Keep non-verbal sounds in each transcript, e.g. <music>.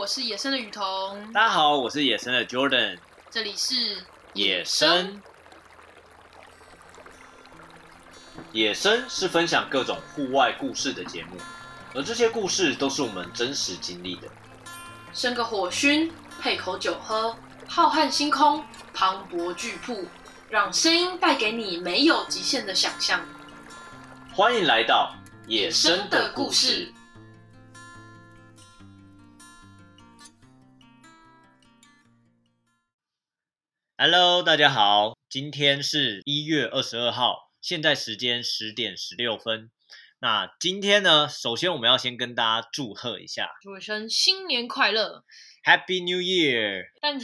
我是野聲的雨桐，大家好，我是野聲的 Jordan。這裡是野聲，野聲，野聲是分享各種戶外故事的節目，而這些故事都是我們真實經歷的。生個火熏，配口酒喝，浩瀚星空，磅礴巨瀑，讓聲音帶給你沒有極限的想象。歡迎來到野聲的故事。Hello，大家好，今天是一月二十二號，現在時間十點十六分。那今天呢，首先我們要先跟大家祝賀一下，祝一聲新年快樂，Happy New Year。但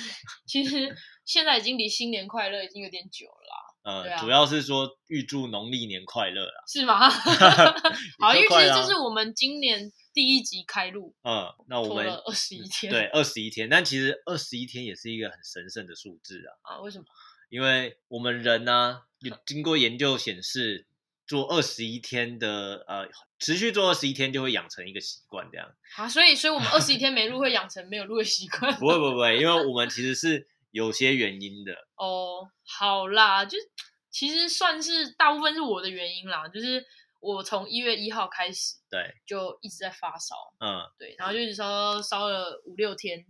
其實現在已經離新年快樂已經有點久了。 <laughs> 呃、啊，主要是說預祝農曆年快樂啦，是嗎？ <laughs> <laughs> 好，因為其實這是我們今年。第一集開錄，嗯，那我們二十一天、嗯，對，二十一天。但其實二十一天也是一個很神聖的數字啊。啊，為什麼？因為我們人呢、啊，有經過研究顯示，做二十一天的，呃，持續做二十一天就會養成一個習慣，這樣。啊，所以，所以我們二十一天沒錄會養成沒有錄的習慣、啊？ <laughs> 不會，不會，因為我們其實是有些原因的。 <laughs> 哦，好啦，就是其實算是大部分是我的原因啦，就是。我從一月一號開始，對，就一直在發燒，嗯，對，然後就一直燒燒了五六天，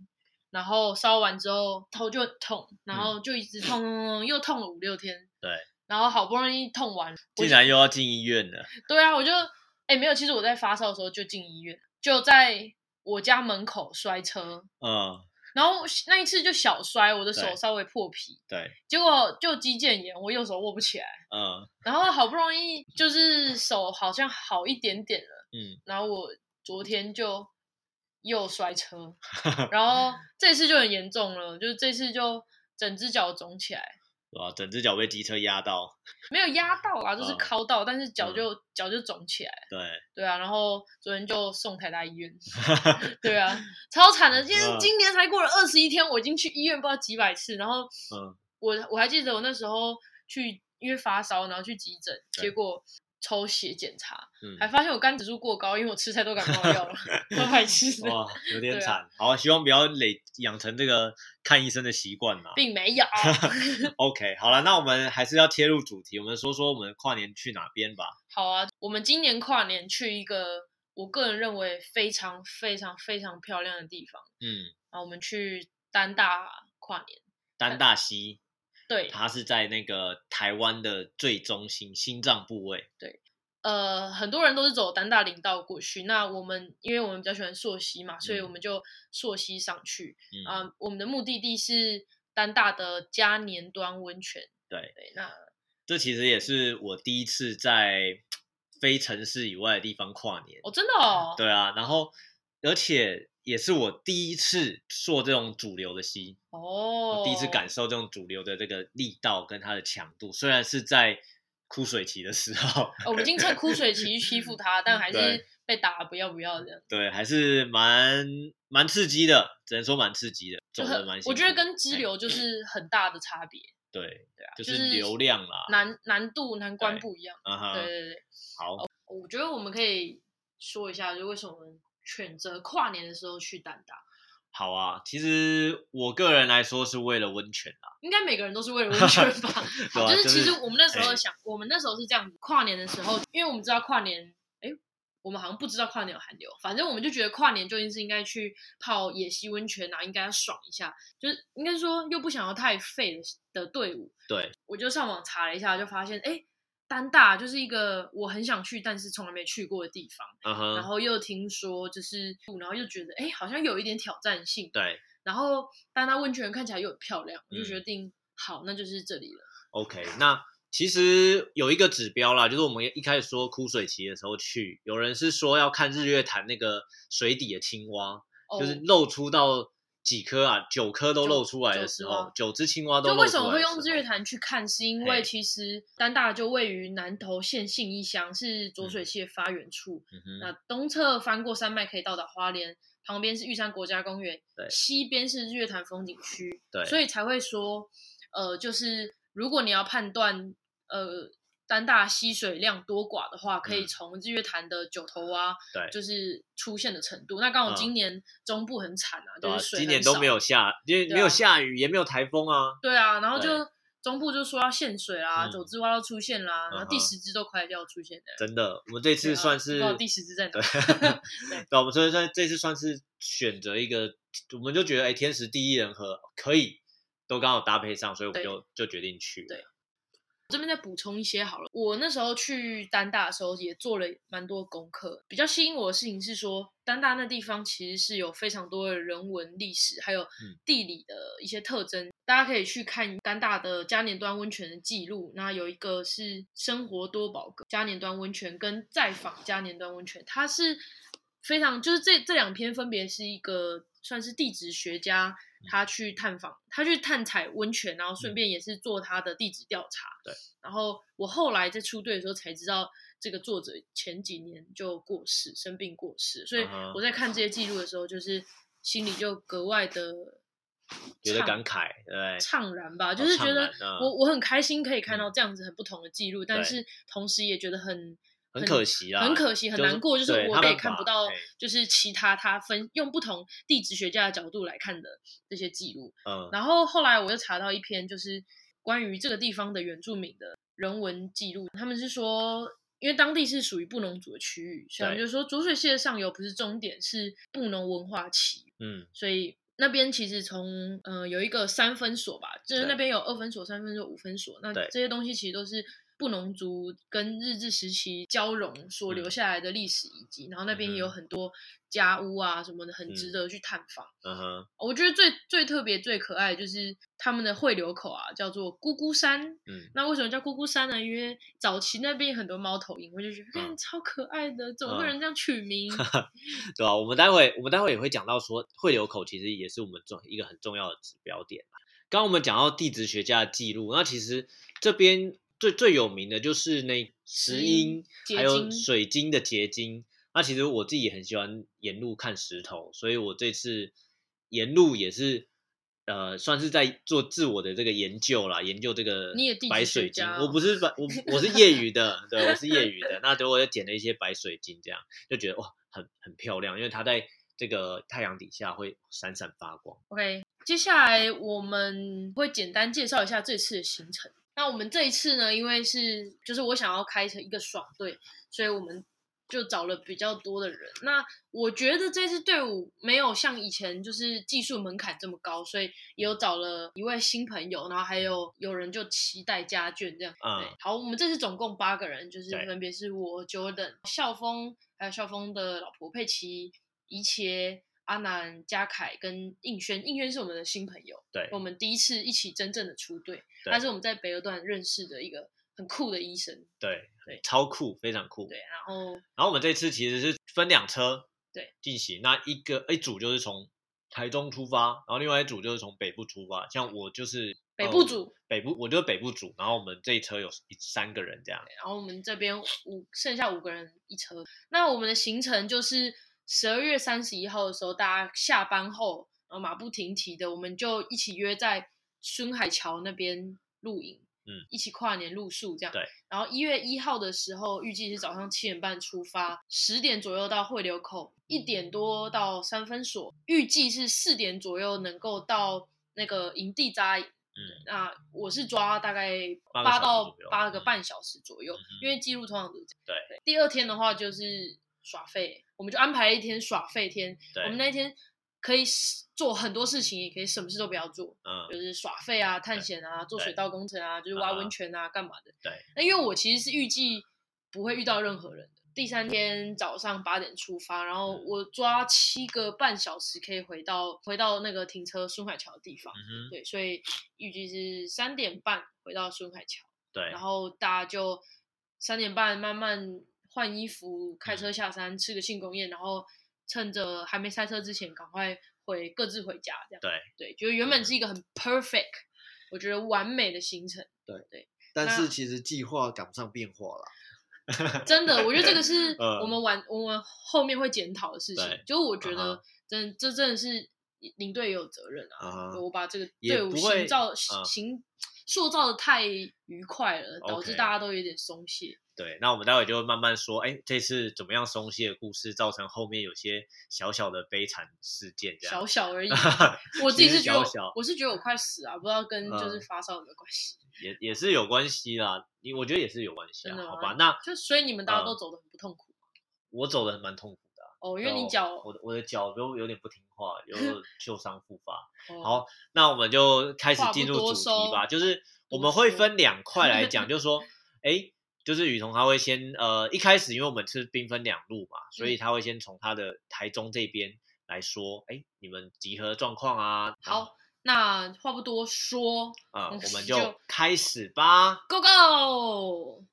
然後燒完之後頭就痛，然後就一直痛、嗯、又痛了五六天，對，然後好不容易痛完竟然又要進醫院了，對啊，我就，哎，沒有，其實我在發燒的時候就進醫院，就在我家門口摔車，嗯。然後那一次就小摔，我的手稍微破皮，對，對，結果就肌腱炎，我右手握不起來。嗯，然後好不容易就是手好像好一點點了，嗯，然後我昨天就又摔車， <laughs> 然後這次就很嚴重了，就是這次就整只腳腫起來。哇！整隻腳被機車壓到，沒有壓到啊，就是敲到、嗯，但是腳就腳就腫起來。對對啊，然後昨天就送台大醫院。 <laughs> 對啊，超慘的！今天、嗯、今年才過了二十一天，我已經去醫院不知道幾百次。然後我，我、嗯、我還記得我那時候去，因為發燒，然後去急診，結果。抽血檢查、嗯，還發現我肝指數過高，因為我吃菜都感冒藥了，太愛吃。哇，有點慘、 <laughs> 啊。好，希望不要累養成這個看醫生的習慣嘛。並沒有。 <laughs> <laughs> OK，好了，那我們還是要切入主題，我們說說我們跨年去哪邊吧。好啊，我們今年跨年去一個我個人認為非常非常非常漂亮的地方。嗯，啊，我們去丹大跨年。丹大溪。對，它是在那個台灣的最中心心臟部位。對，呃，很多人都是走丹大林道過去。那我們，因為我們比較喜歡溯溪嘛、嗯，所以我們就溯溪上去。啊、嗯呃，我們的目的地是丹大的加年端溫泉。嗯、對，那這其實也是我第一次在非城市以外的地方跨年。哦，真的哦。嗯、對啊，然後而且。也是我第一次做這種主流的溪哦，第一次感受這種主流的這個力道跟它的強度，雖然是在枯水期的時候，oh, 我們已經趁枯水期欺負他， <laughs> 但還是被打不要不要的。對，還是蠻蠻刺激的，只能說蠻刺激的。蠻，我覺得跟支流就是很大的差別。對對啊，就是流量啦，難難度難關不一樣。啊哈。Uh -huh, 對對對。好、哦，我覺得我們可以說一下，就為什麼。選擇跨年的時候去丹大，好啊。其實我個人來說是為了溫泉啦、啊，應該每個人都是為了溫泉吧。 <laughs> 啊、就是其實、就是、我們那時候想、哎，我們那時候是這樣，跨年的時候，因為我們知道跨年，哎，我們好像不知道跨年有寒流，反正我們就覺得跨年究竟是應該去泡野溪溫泉啊，應該要爽一下，就是應該說又不想要太廢的，的隊伍。對，我就上網查了一下，就發現哎。丹大就是一個我很想去，但是從來沒去過的地方，Uh-huh. 然後又聽說就是，然後又覺得哎，好像有一點挑戰性。對，然後丹大溫泉看起來又很漂亮，我就決定、嗯、好，那就是這裡了。OK，那其實有一個指標啦，就是我們一開始說枯水期的時候去，有人是說要看日月潭那個水底的青蛙，Oh. 就是露出到。幾顆啊？九顆都露出來的時候，九只青蛙都露出來的時候，就為什麼會用日月潭去看？是因為其實丹大就位於南投縣信義鄉，是濁水溪發源處。嗯、那東側翻過山脈可以到達花蓮、嗯，旁邊是玉山國家公園，西邊是日月潭風景區。對，所以才會說，呃，就是如果你要判斷，呃。丹大吸水量多寡的話，可以從日月潭的九頭蛙、啊嗯，對，就是出現的程度。那剛好今年中部很慘啊！對啊，就是水今年都沒有下，因為沒有下雨，啊，也沒有台風啊。對啊，然後就中部就說要限水啦，啊嗯，九只蛙要出現啦，啊嗯，然後第十只都快要出、嗯、都快要出現的。真的，我們這次算是，啊、不知道第十只在哪？對、啊，那我們所以算這次算是選擇一個，我們就覺得哎，天時地利人和可以都剛好搭配上，所以我們就就決定去了。對對我這邊再補充一些好了。我那時候去丹大的時候也做了也蠻多功課。比較吸引我的事情是說，丹大那地方其實是有非常多的人文歷史，還有地理的一些特徵。嗯、大家可以去看丹大的加年端溫泉的記錄。那有一個是《生活多寶格加年，加年端溫泉》，跟《再訪加年端溫泉》，它是非常就是這這兩篇分別是一個算是地質學家。他去探訪，他去探採溫泉，然後順便也是做他的地質調查。對、嗯。然後我後來在出隊的時候才知道，這個作者前幾年就過世，生病過世。所以我在看這些記錄的時候，就是心裡就格外的，覺得感慨，對，悵然吧，就是覺得我我很開心可以看到這樣子很不同的記錄，但是同時也覺得很。很可惜啊，很可惜、就是，很難過，就是、就是、我也看不到，就是其他他分，他分用不同地質學家的角度來看的這些記錄。嗯，然後後來我又查到一篇，就是關於這個地方的原住民的人文記錄。他們是說，因為當地是屬於布農族的區域，所以就是說濁水溪的上游不是終點，是布農文化期，嗯，所以那邊其實從嗯、呃、有一個三分所吧，就是那邊有二分所、三分所、五分所，那這些東西其實都是。布農族跟日治時期交融所留下來的歷史遺跡，嗯、然後那邊也有很多家屋啊什麼的，嗯、很值得去探訪。嗯哼，我覺得最最特別、嗯、最可愛的就是他們的匯流口啊，叫做咕咕山。嗯，那為什麼叫咕咕山呢？因為早期那邊很多貓頭鷹，我就覺得嗯、欸、超可愛的，總不能這樣取名。嗯嗯、 <laughs> 對啊，我們待會我們待會也會講到說，匯流口其實也是我們一個很重要的指標點。剛剛我們講到地質學家的記錄，那其實這邊。最最有名的就是那石英，還有水晶的結晶，結晶。那其實我自己也很喜歡沿路看石頭，所以我這次沿路也是，呃，算是在做自我的這個研究啦，研究這個白水晶。哦，我不是白，我我是業餘的， <laughs> 對，我是業餘的。那結果就撿了一些白水晶，這樣就覺得哇，很很漂亮，因為它在這個太陽底下會閃閃發光。OK，接下來我們會簡單介紹一下這次的行程。那我們這一次呢，因為是就是我想要開成一個爽隊，所以我們就找了比較多的人。那我覺得這支隊伍沒有像以前就是技術門檻這麼高，所以也有找了一位新朋友，然後還有有人就期待家眷這樣，對。好，我們這次總共八個人，就是分別是我、Jordan、校風，還有校風的老婆佩奇、一切。阿南、嘉凱跟應軒，應軒是我們的新朋友。對，我們第一次一起真正的出隊，他是我們在北二段認識的一個很酷的醫生，對。對，超酷，非常酷。對，然後，然後我們這次其實是分兩車對進行對，那一個一組就是從台中出發，然後另外一組就是從北部出發。像我就是北部組，北部，我就是北部組。然後我們這一車有一三個人這樣，然後我們這邊五剩下五個人一車。那我們的行程就是。十二月三十一號的時候，大家下班後，然後馬不停蹄的，我們就一起約在孫海橋那邊露營，嗯，一起跨年露宿這樣。對。然後一月一號的時候，預計是早上七點半出發，十點左右到匯流口，一點多到三分所，預計是四點左右能夠到那個營地扎營。嗯。那我是抓大概八到八個半小時左右，嗯嗯嗯，因為記錄通常都這樣對。對。第二天的話就是。耍廢、欸、我們就安排一天耍廢天。對。我們那一天可以做很多事情，也可以什麼事都不要做。嗯。就是耍廢啊，探險啊，做水道工程啊，就是挖溫泉啊，嗯，幹嘛的。對。那因為我其實是預計不會遇到任何人的。第三天早上八點出發，然後我抓七個半小時可以回到、嗯、回到那個停車孫海橋的地方。嗯哼。對，所以預計是三點半回到孫海橋。對。然後大家就三點半慢慢。換衣服，開車下山，嗯、吃個慶功宴，然後趁着還沒塞車之前，趕快回各自回家，這樣子對對，覺得原本是一個很 perfect、嗯、我覺得完美的行程，對對，但是其實計劃趕不上變化了，真的，我覺得這個是我們完、 <laughs> 呃、我們後面會檢討的事情，就我覺得、uh -huh, 真這真的是領隊也有責任啊，uh -huh, 我把這個隊伍行造、uh -huh, 行。塑造的太愉快了，導致大家都有點鬆懈。Okay, 對，那我們待會就會慢慢說，哎，這次怎麼樣鬆懈的故事，造成後面有些小小的悲慘事件，這樣。小小而已 <laughs> 小小，我自己是覺得，我是覺得我快死啊，不知道跟就是發燒有沒有關係。嗯、也也是有關係啦，你我覺得也是有關係啊，好吧？那就所以你們大家都走的很不痛苦、嗯、我走的蠻痛苦。哦，因為你腳、哦，我的我的腳有點不聽話，有受傷復發。好，那我們就開始進入主題吧。就是我們會分兩塊來講，就是說，哎、欸，就是雨桐她會先，呃，一開始因為我們是兵分兩路嘛，所以她會先從她的台中這邊來說，哎、欸，你們集合的狀況啊。好，那話不多說啊、嗯嗯，我們就開始吧，Go Go。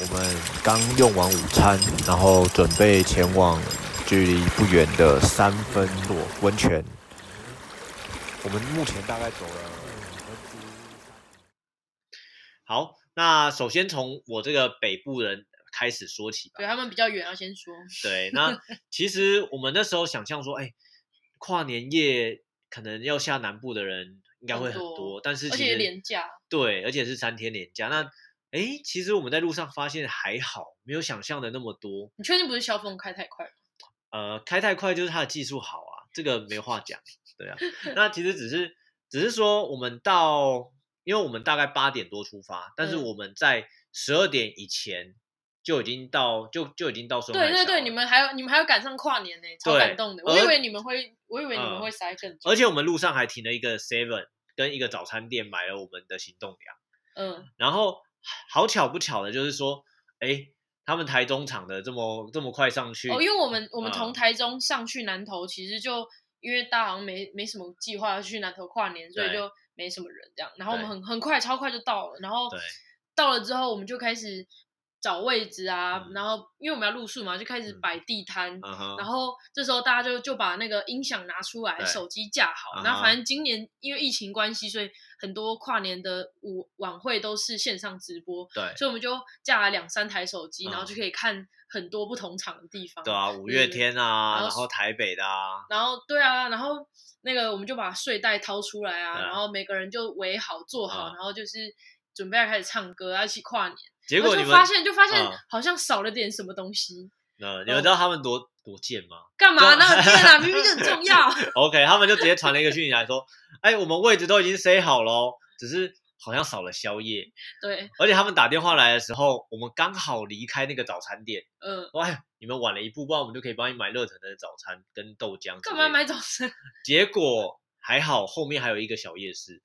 我們剛用完午餐，然後準備前往距離不遠的三分所溫泉。我們目前大概走了。好，那首先從我這個北部人開始說起吧。對，他們比較遠，要先說。對，那其實我們那時候想象說，哎，跨年夜可能要下南部的人應該會很多，很多，但是其實，而且連假，對，而且是三天連假。那，哎，其實我們在路上發現還好，沒有想象的那麼多。你確定不是蕭峰開太快嗎？呃，開太快就是他的技術好啊，這個沒話講。 <laughs> 對啊，那其實只是，只是說我們到，因為我們大概八點多出發，但是我們在十二點以前就已經到，嗯、就就已經到了。對，對對對，你們還有你們還要趕上跨年呢，超感動的。我以為你們會，我以為你們會塞更多。嗯、而且我們路上還停了一個 Seven 跟一個早餐店，買了我們的行動糧。嗯，然後。好巧不巧的，就是說，哎、欸，他們台中廠的這麼這麼快上去哦，因為我們我們從台中上去南投，嗯、其實就因為大家沒沒什麼計劃要去南投跨年，所以就沒什麼人這樣，然後我們很很快超快就到了，然後到了之後我們就開始。找位置啊、嗯，然後因為我們要露宿嘛，就開始擺地攤。嗯嗯、然後這時候大家就就把那個音響拿出來，手機架好。嗯嗯、然後反正今年因為疫情關係，所以很多跨年的舞晚會都是線上直播。對，所以我們就架了兩三台手機，嗯、然後就可以看很多不同場的地方。對啊，嗯、五月天啊然，然後台北的啊。然後對啊，然後那個我們就把睡袋掏出來啊，啊然後每個人就圍好坐好、嗯，然後就是。準備要開始唱歌，要一起跨年。結果你們就發現，就發現、嗯、好像少了點什麼東西。呃，你們知道他們多多賤、呃、嗎？幹嘛那麼賤啊？那個、啊 <laughs> 明明就很重要。 <laughs> OK，他們就直接傳了一個訊息來說：“哎、 <laughs> 欸，我們位置都已經塞好了，只是好像少了宵夜。”對，而且他們打電話來的時候，我們剛好離開那個早餐店。嗯、呃，哇、哎，你們晚了一步，不然我們就可以幫你買熱騰騰的早餐跟豆漿。幹嘛買早餐？結果還好，後面還有一個小夜市。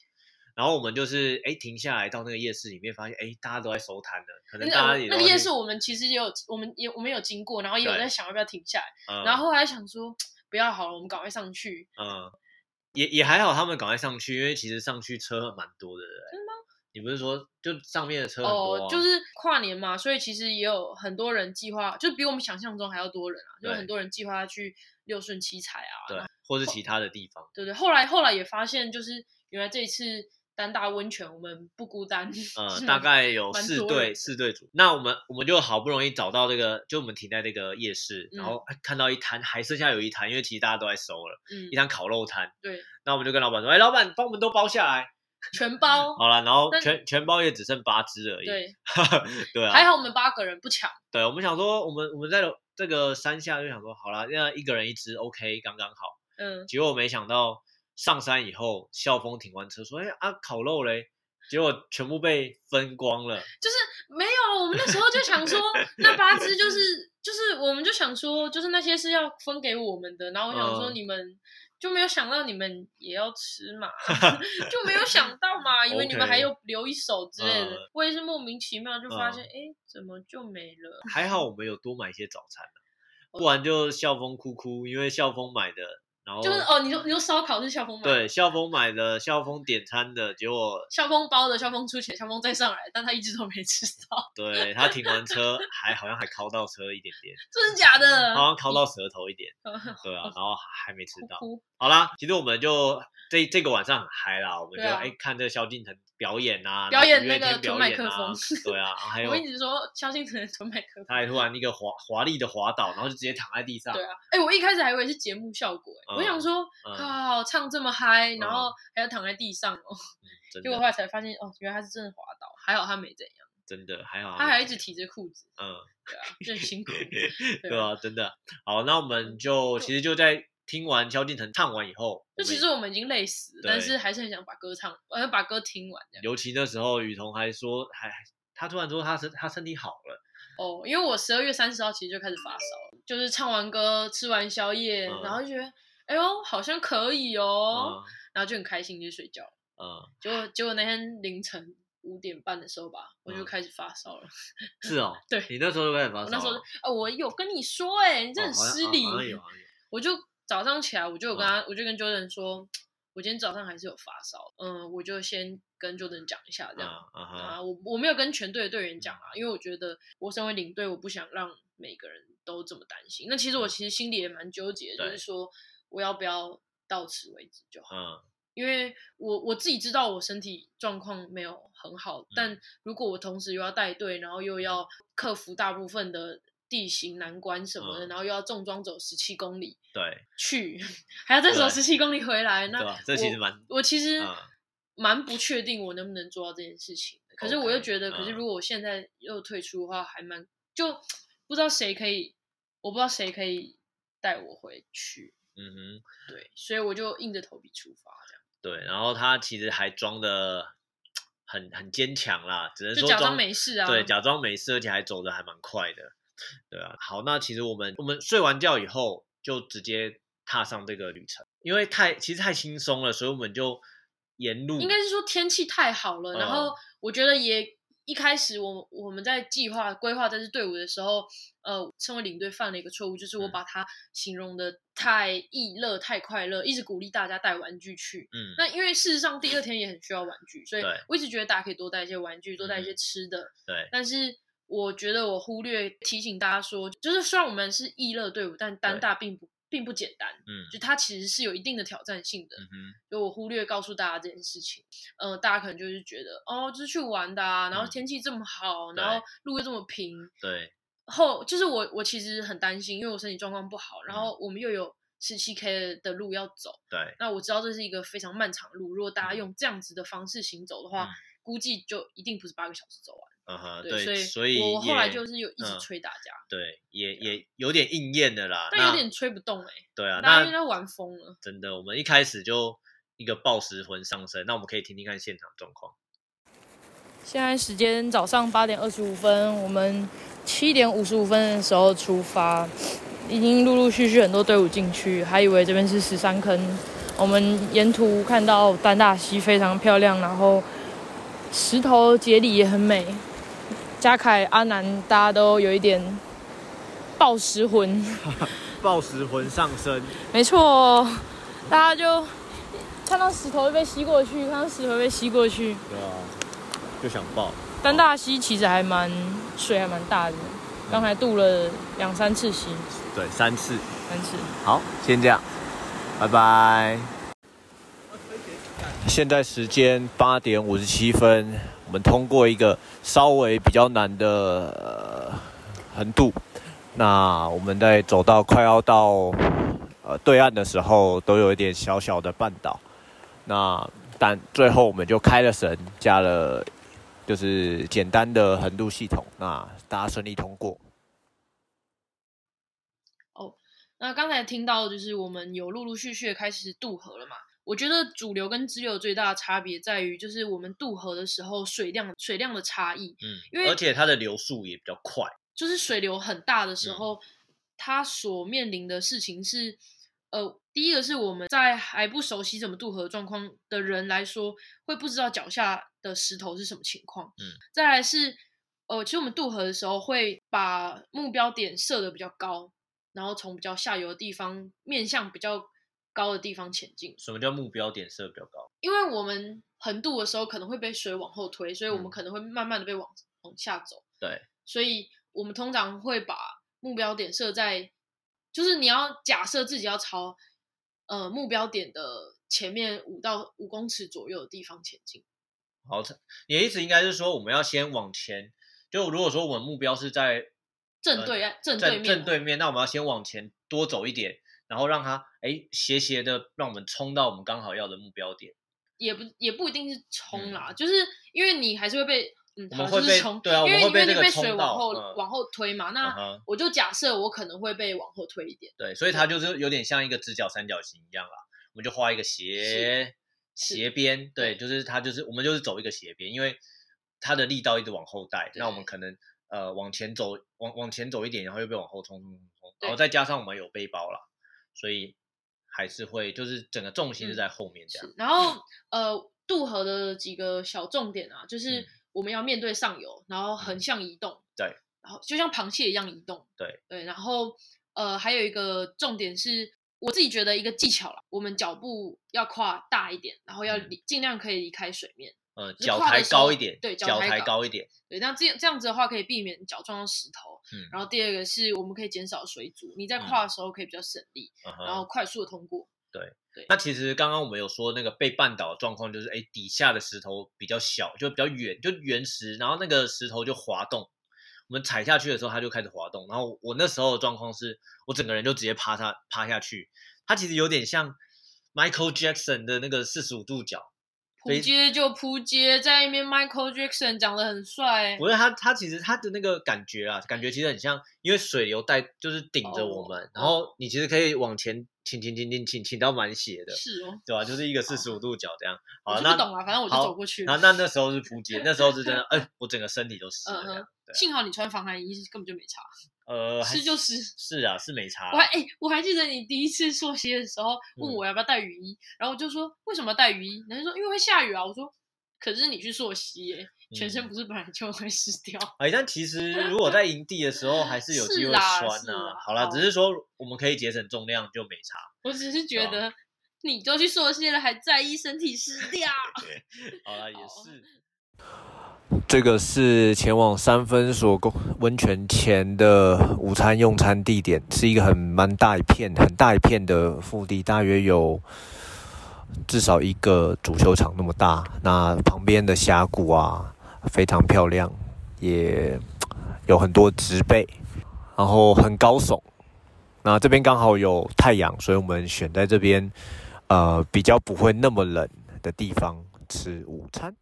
然後我們就是哎停下來到那個夜市裡面，發現哎大家都在收攤了，可能大家也那，那個夜市我們其實也有我們也我們也有經過，然後也有在想要不要停下來，嗯、然後後來想說不要好了，我們趕快上去。嗯，也也還好，他們趕快上去，因為其實上去車蠻多的。真的嗎？你不是說就上面的車很多？啊、哦，就是跨年嘛，所以其實也有很多人計劃，就比我們想象中還要多人啊，就有很多人計劃去六順七彩啊。對，對，或是其他的地方，對對。後來後來也發現就是原來這一次。丹大溫泉，我們不孤單。嗯，大概有四隊，嗯、四隊組，那我們我們就好不容易找到這個，就我們停在這個夜市，嗯、然後看到一攤還剩下有一攤，因為其實大家都在收了，嗯，一攤烤肉攤。對，那我們就跟老闆說，哎，老闆幫我們都包下來，全包，好了，然後全全包也只剩八隻而已。對， <laughs> 對啊，還好我們八個人不搶。對，我們想說，我們我們在這個山下就想說，好了，那一個人一隻，OK，剛剛好。嗯，結果我沒想到。上山以後，校風停完車說：“哎啊，烤肉嘞！”結果全部被分光了，就是沒有。我們那時候就想說， <laughs> 那八隻就是就是，就是、我們就想說，就是那些是要分給我們的。然後我想說，你們、嗯、就沒有想到你們也要吃嘛， <laughs> 就沒有想到嘛，以為你們、okay. 還要留一手之類的、嗯。我也是莫名其妙就發現，哎、嗯，怎麼就沒了？還好我們有多買一些早餐，不然就校風哭哭，因為校風買的。然後就是哦，你說你說，燒烤是校風買的？對，校風買的，校風點餐的結果，校風包的，校風出錢，校風再上來，但他一直都沒吃到。對，他停完車 <laughs> 還好像還靠到車一點點，真的假的？好像靠到舌頭一點，嗯、對啊、嗯，然後還沒吃到。呼呼好啦，其實我們就這這個晚上很嗨啦，我們就哎、啊欸、看這蕭敬騰表演啊，表演那個奪、啊、麥克風，對啊，還有 <laughs> 我一直說蕭敬騰奪麥克風，他還突然一個華華麗的滑倒，然後就直接躺在地上，對啊，哎、欸、我一開始還以為是節目效果、欸嗯，我想說啊、嗯哦、唱這麼嗨，然後還要躺在地上哦、喔嗯，結果後來才發現哦，原來他是真的滑倒，還好他沒怎樣，真的還好他，他還一直提着褲子，嗯，對啊，真辛苦對、啊 <laughs> 對啊，對啊，真的。好，那我們就，就其實就在。聽完蕭敬騰唱完以後，就其實我們已經累死了，但是還是很想把歌唱完、呃、把歌聽完這樣。尤其那時候雨桐還說，還他突然說他身他身體好了哦，oh, 因為我十二月三十號其實就開始發燒、嗯、就是唱完歌吃完宵夜、嗯，然後就覺得哎呦好像可以哦、喔嗯，然後就很開心就睡覺。嗯，結果結果那天凌晨五點半的時候吧，我就開始發燒了、嗯。是哦， <laughs> 對，你那時候就開始發燒、啊。那時候呃，我有跟你說哎、欸，你這很失禮，我、哦、就。早上起來我就有跟他，oh. 我就跟 Jordan 說，我今天早上還是有發燒，嗯，我就先跟 Jordan 講一下這樣啊，uh -huh. 我我沒有跟全隊的隊員講啊，因為我覺得我身為領隊，我不想讓每個人都這麼擔心。那其實我其實心裡也蠻糾結，uh -huh. 就是說我要不要到此為止就好，uh -huh. 因為我我自己知道我身體狀況沒有很好，uh -huh. 但如果我同時又要帶隊，然後又要克服大部分的。地形難關什麼的、嗯，然後又要重裝走十七公里，對，去還要再走十七公里回來，那這其實蠻我，我其實蠻不確定我能不能做到這件事情的、嗯、可是我又覺得，okay, 可是如果我現在又退出的話，還蠻就不知道誰可以，我不知道誰可以帶我回去。嗯哼，對，所以我就硬着頭皮出發，這樣。對，然後他其實還裝的很很堅強啦，只能說就假裝沒事啊，對，假裝沒事，而且還走的還蠻快的。對啊，好，那其實我們我們睡完覺以後就直接踏上這個旅程，因為太其實太輕鬆了，所以我們就沿路應該是說天氣太好了，嗯，然後我覺得也一開始我我們在計劃規劃這支隊伍的時候，呃，身為領隊犯了一個錯誤，就是我把它形容得太易樂，嗯、太快樂，一直鼓勵大家帶玩具去，嗯，那因為事實上第二天也很需要玩具，所以我一直覺得大家可以多帶一些玩具、嗯、多帶一些吃的，嗯、對，但是。我覺得我忽略提醒大家說，就是雖然我們是娛樂隊伍，但丹大並不並不簡單。嗯，就它其實是有一定的挑戰性的。嗯，就我忽略告訴大家這件事情。嗯、呃，大家可能就是覺得哦，就是去玩的啊，嗯、然後天氣這麼好、嗯，然後路又這麼平。對。然後就是我我其實很擔心，因為我身體狀況不好，嗯、然後我們又有十七 K 的路要走。對。那我知道這是一個非常漫長的路，如果大家用這樣子的方式行走的話，嗯、估計就一定不是八個小時走完、啊。啊、uh、哈 -huh, 對，對，所以，我後來就是有一直吹大家，嗯，對，也對也有點應驗的啦，但有點吹不動哎、欸，對啊，大家玩瘋了，真的，我們一開始就一個暴食魂上身，那我們可以聽聽看現場狀況。現在時間早上八點二十五分，我們七點五十五分的時候出發，已經陸陸續續續很多隊伍進去，還以為這邊是十三坑，我們沿途看到丹大溪非常漂亮，然後石頭節理也很美。加凱、阿南，大家都有一點爆石魂，爆石魂上身，沒錯，大家就看到石頭被吸過去，看到石頭被吸過去，對啊，就想爆。丹大溪其實還蠻、哦、水，還蠻大的，剛才渡了兩三次溪、嗯，對，三次，三次。好，先這樣，拜拜。現在時間八點五十七分。我們通過一個稍微比較難的呃、橫渡，那我們在走到快要到呃對岸的時候，都有一點小小的絆倒。那但最後我們就開了繩，加了就是簡單的橫渡系統，那大家順利通過。哦、oh，那剛才聽到的就是我們有陸陸續續開始渡河了嘛。我覺得主流跟支流最大的差別在於，就是我們渡河的時候水量水量的差異。嗯，因為而且它的流速也比較快，就是水流很大的時候，嗯，它所面臨的事情是，呃，第一個是我們在還不熟悉怎麼渡河狀況的人來說，會不知道腳下的石頭是什麼情況。嗯，再來是，呃，其實我們渡河的時候會把目標點設的比較高，然後從比較下游的地方面向比較。高的地方前進。什麼叫目標點設比較高？因為我們橫渡的時候可能會被水往後推，所以我們可能會慢慢的被往、嗯、往下走。對，所以我們通常會把目標點設在，就是你要假設自己要朝，呃，目標點的前面五到五公尺左右的地方前進。好，你的意思應該是說我們要先往前，就如果說我們的目標是在正對、呃、正對面，正對面，那我們要先往前多走一點。然後讓他哎斜斜的讓我們衝到我們剛好要的目標點，也不也不一定是衝啦、嗯，就是因為你還是會被嗯，會被、就是、衝，對啊，因為我們會被因為那個水往後、嗯、往後推嘛，那我就假設我可能會被往後推一點，對，所以它就是有點像一個直角三角形一樣啦，我們就畫一個斜斜邊對，對，就是它就是我們就是走一個斜邊，因為它的力道一直往後帶，那我們可能呃往前走，往往前走一點，然後又被往後衝衝衝，然後再加上我們有背包啦。所以還是會，就是整個重心是在後面這樣，嗯。然後，嗯，呃，渡河的幾個小重點啊，就是我們要面對上游，然後橫向移動。嗯、對，然後就像螃蟹一樣移動。對對，然後呃，還有一個重點是，我自己覺得一個技巧了，我們腳步要跨大一點，然後要離、嗯、盡量可以離開水面。呃、嗯，腳抬高，高一點，對，腳抬高一點，對。那這這樣子的話，可以避免腳撞到石頭。嗯，然後第二個是，我們可以減少水阻。你在跨的時候可以比較省力，嗯、然後快速的通過。對對。那其實剛剛我們有說那個被絆倒的狀況，就是哎、欸，底下的石頭比較小，就比較圓，就圓石，然後那個石頭就滑動。我們踩下去的時候，它就開始滑動。然後我那時候的狀況是，我整個人就直接趴下趴下去。它其實有點像 Michael Jackson 的那個四十五度角。撲街就撲街，在那邊 Michael Jackson 長得很帥、欸。不是他，他其實他的那個感覺啊，感覺其實很像，因為水流帶就是頂着我們，oh. 然後你其實可以往前傾傾傾傾傾，傾傾傾傾傾傾到滿血的，是哦，對吧、啊？就是一個四十五度角這樣。啊、好我那不懂了，反正我就走過去了。那那那時候是撲街， <laughs> 那時候是真的，哎、欸，我整個身體都濕了、uh -huh.。幸好你穿防寒衣，根本就沒差。呃，是，就是是啊，是沒差。我還哎、欸，我還記得你第一次溯溪的時候問我要不要帶雨衣、嗯，然後我就說為什麼要帶雨衣，然後說因為會下雨啊。我說可是你去溯溪、欸嗯，全身不是本來就會濕掉。哎，但其實如果在營地的時候還是有機會穿呢、啊 <laughs> 啊啊。好了，只是說我們可以節省重量就沒差。我只是覺得是、啊、你都去溯溪了，還在意身體濕掉？ <laughs> 好啦好，也是。這個是前往三分所溫泉前的午餐用餐地點，是一個很蠻大一片，很大一片的腹地，大約有至少一個足球場那麼大。那旁邊的峽谷啊，非常漂亮，也有很多植被，然後很高聳。那這邊剛好有太陽，所以我們選在這邊，呃，比較不會那麼冷的地方吃午餐。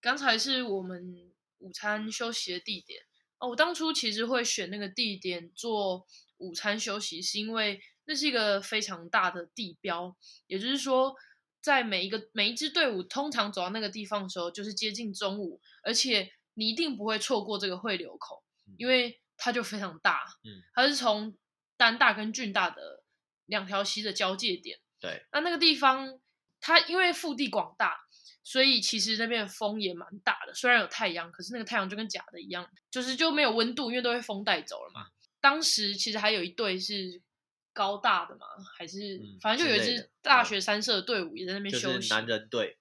剛才是我們午餐休息的地點。哦，我當初其實會選那個地點做午餐休息，是因為那是一個非常大的地標，也就是說，在每一個每一支隊伍通常走到那個地方的時候，就是接近中午，而且你一定不會錯過這個匯流口，因為它就非常大，它是從丹大跟郡大的兩條溪的交界點。對，那那個地方它因為腹地廣大。所以其實那邊的風也蠻大的，雖然有太陽，可是那個太陽就跟假的一樣，就是就沒有溫度，因為都被風帶走了嘛、啊。當時其實還有一隊是高大的嘛，還是、嗯、反正就有一支大學三社的隊伍也在那邊休息，哦就是、男人隊，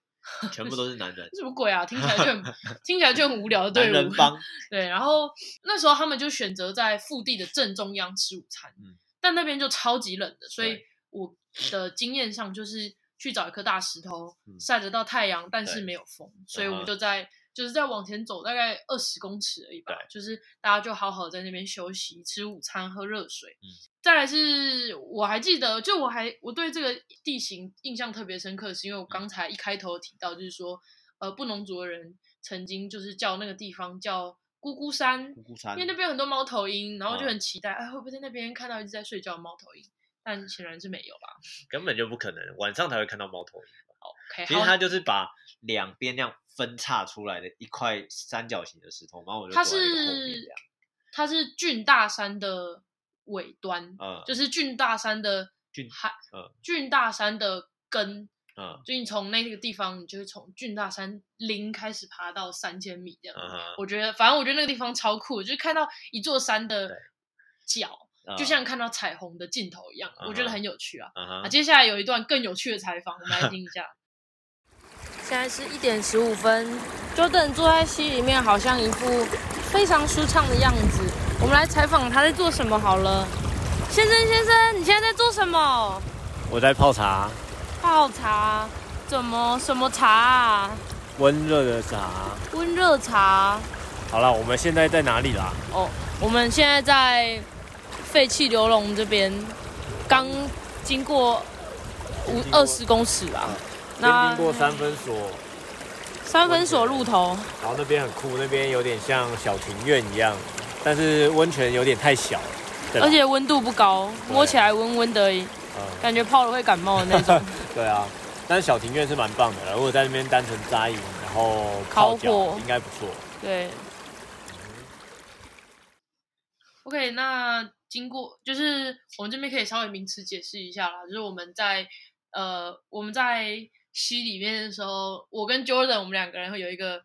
全部都是男人，什 <laughs> 麼鬼啊？聽起來就很 <laughs> 聽起來就很無聊的隊伍。 <laughs> 男人幫。對，然後那時候他們就選擇在腹地的正中央吃午餐、嗯，但那邊就超級冷的，所以我的經驗上就是。嗯去找一顆大石頭、嗯、曬得到太陽，但是沒有風，所以我們就在、嗯、就是在往前走大概二十公尺而已吧，就是大家就好好的在那邊休息、吃午餐、喝熱水、嗯。再來是我還記得，就我還我對這個地形印象特別深刻，是因為我剛才一開頭提到，就是說，嗯、呃，布農族的人曾經就是叫那個地方叫咕咕山，咕咕因為那邊有很多貓頭鷹，然後就很期待，哎、嗯，會、啊、不會在那邊看到一隻在睡覺的貓頭鷹？但顯然是沒有吧，根本就不可能，晚上才會看到貓頭鷹。好、okay，其實它就是把兩邊那樣分叉出來的一塊三角形的石頭，然後我就它是它是郡大山的尾端，嗯，就是郡大山的峻漢，嗯，郡大山的根，嗯，最近從那個地方，你就會從郡大山零開始爬到三千米這樣、嗯。我覺得，反正我覺得那個地方超酷，就是看到一座山的腳。就像看到彩虹的盡頭一樣，uh -huh. 我覺得很有趣啊！Uh -huh. 啊，接下來有一段更有趣的採訪，我們來聽一下。 <laughs> 現在是一點十五分，Jordan 坐在戲裡面，好像一副非常舒暢的樣子。我們來採訪他在做什麼好了。先生，先生，你現在在做什麼？我在泡茶。泡茶？怎麼？什麼茶？啊？溫熱的茶。溫熱茶。好了，我們現在在哪裡啦？哦，oh,，我們現在在。廢棄流籠這邊剛經過五二十公尺吧，那、嗯、經過三分所，三分所露頭。然後那邊很酷，那邊有點像小庭院一樣，但是溫泉有點太小，對，而且溫度不高，摸起來溫溫的、嗯，感覺泡了會感冒的那種。 <laughs> 對啊，但是小庭院是蠻棒的，如果在那邊單純紮營，然後烤火，應該不錯。對、嗯。OK，那。經過就是我們這邊可以稍微名詞解釋一下啦，就是我們在呃我們在溪裡面的時候，我跟 Jordan 我們兩個人會有一個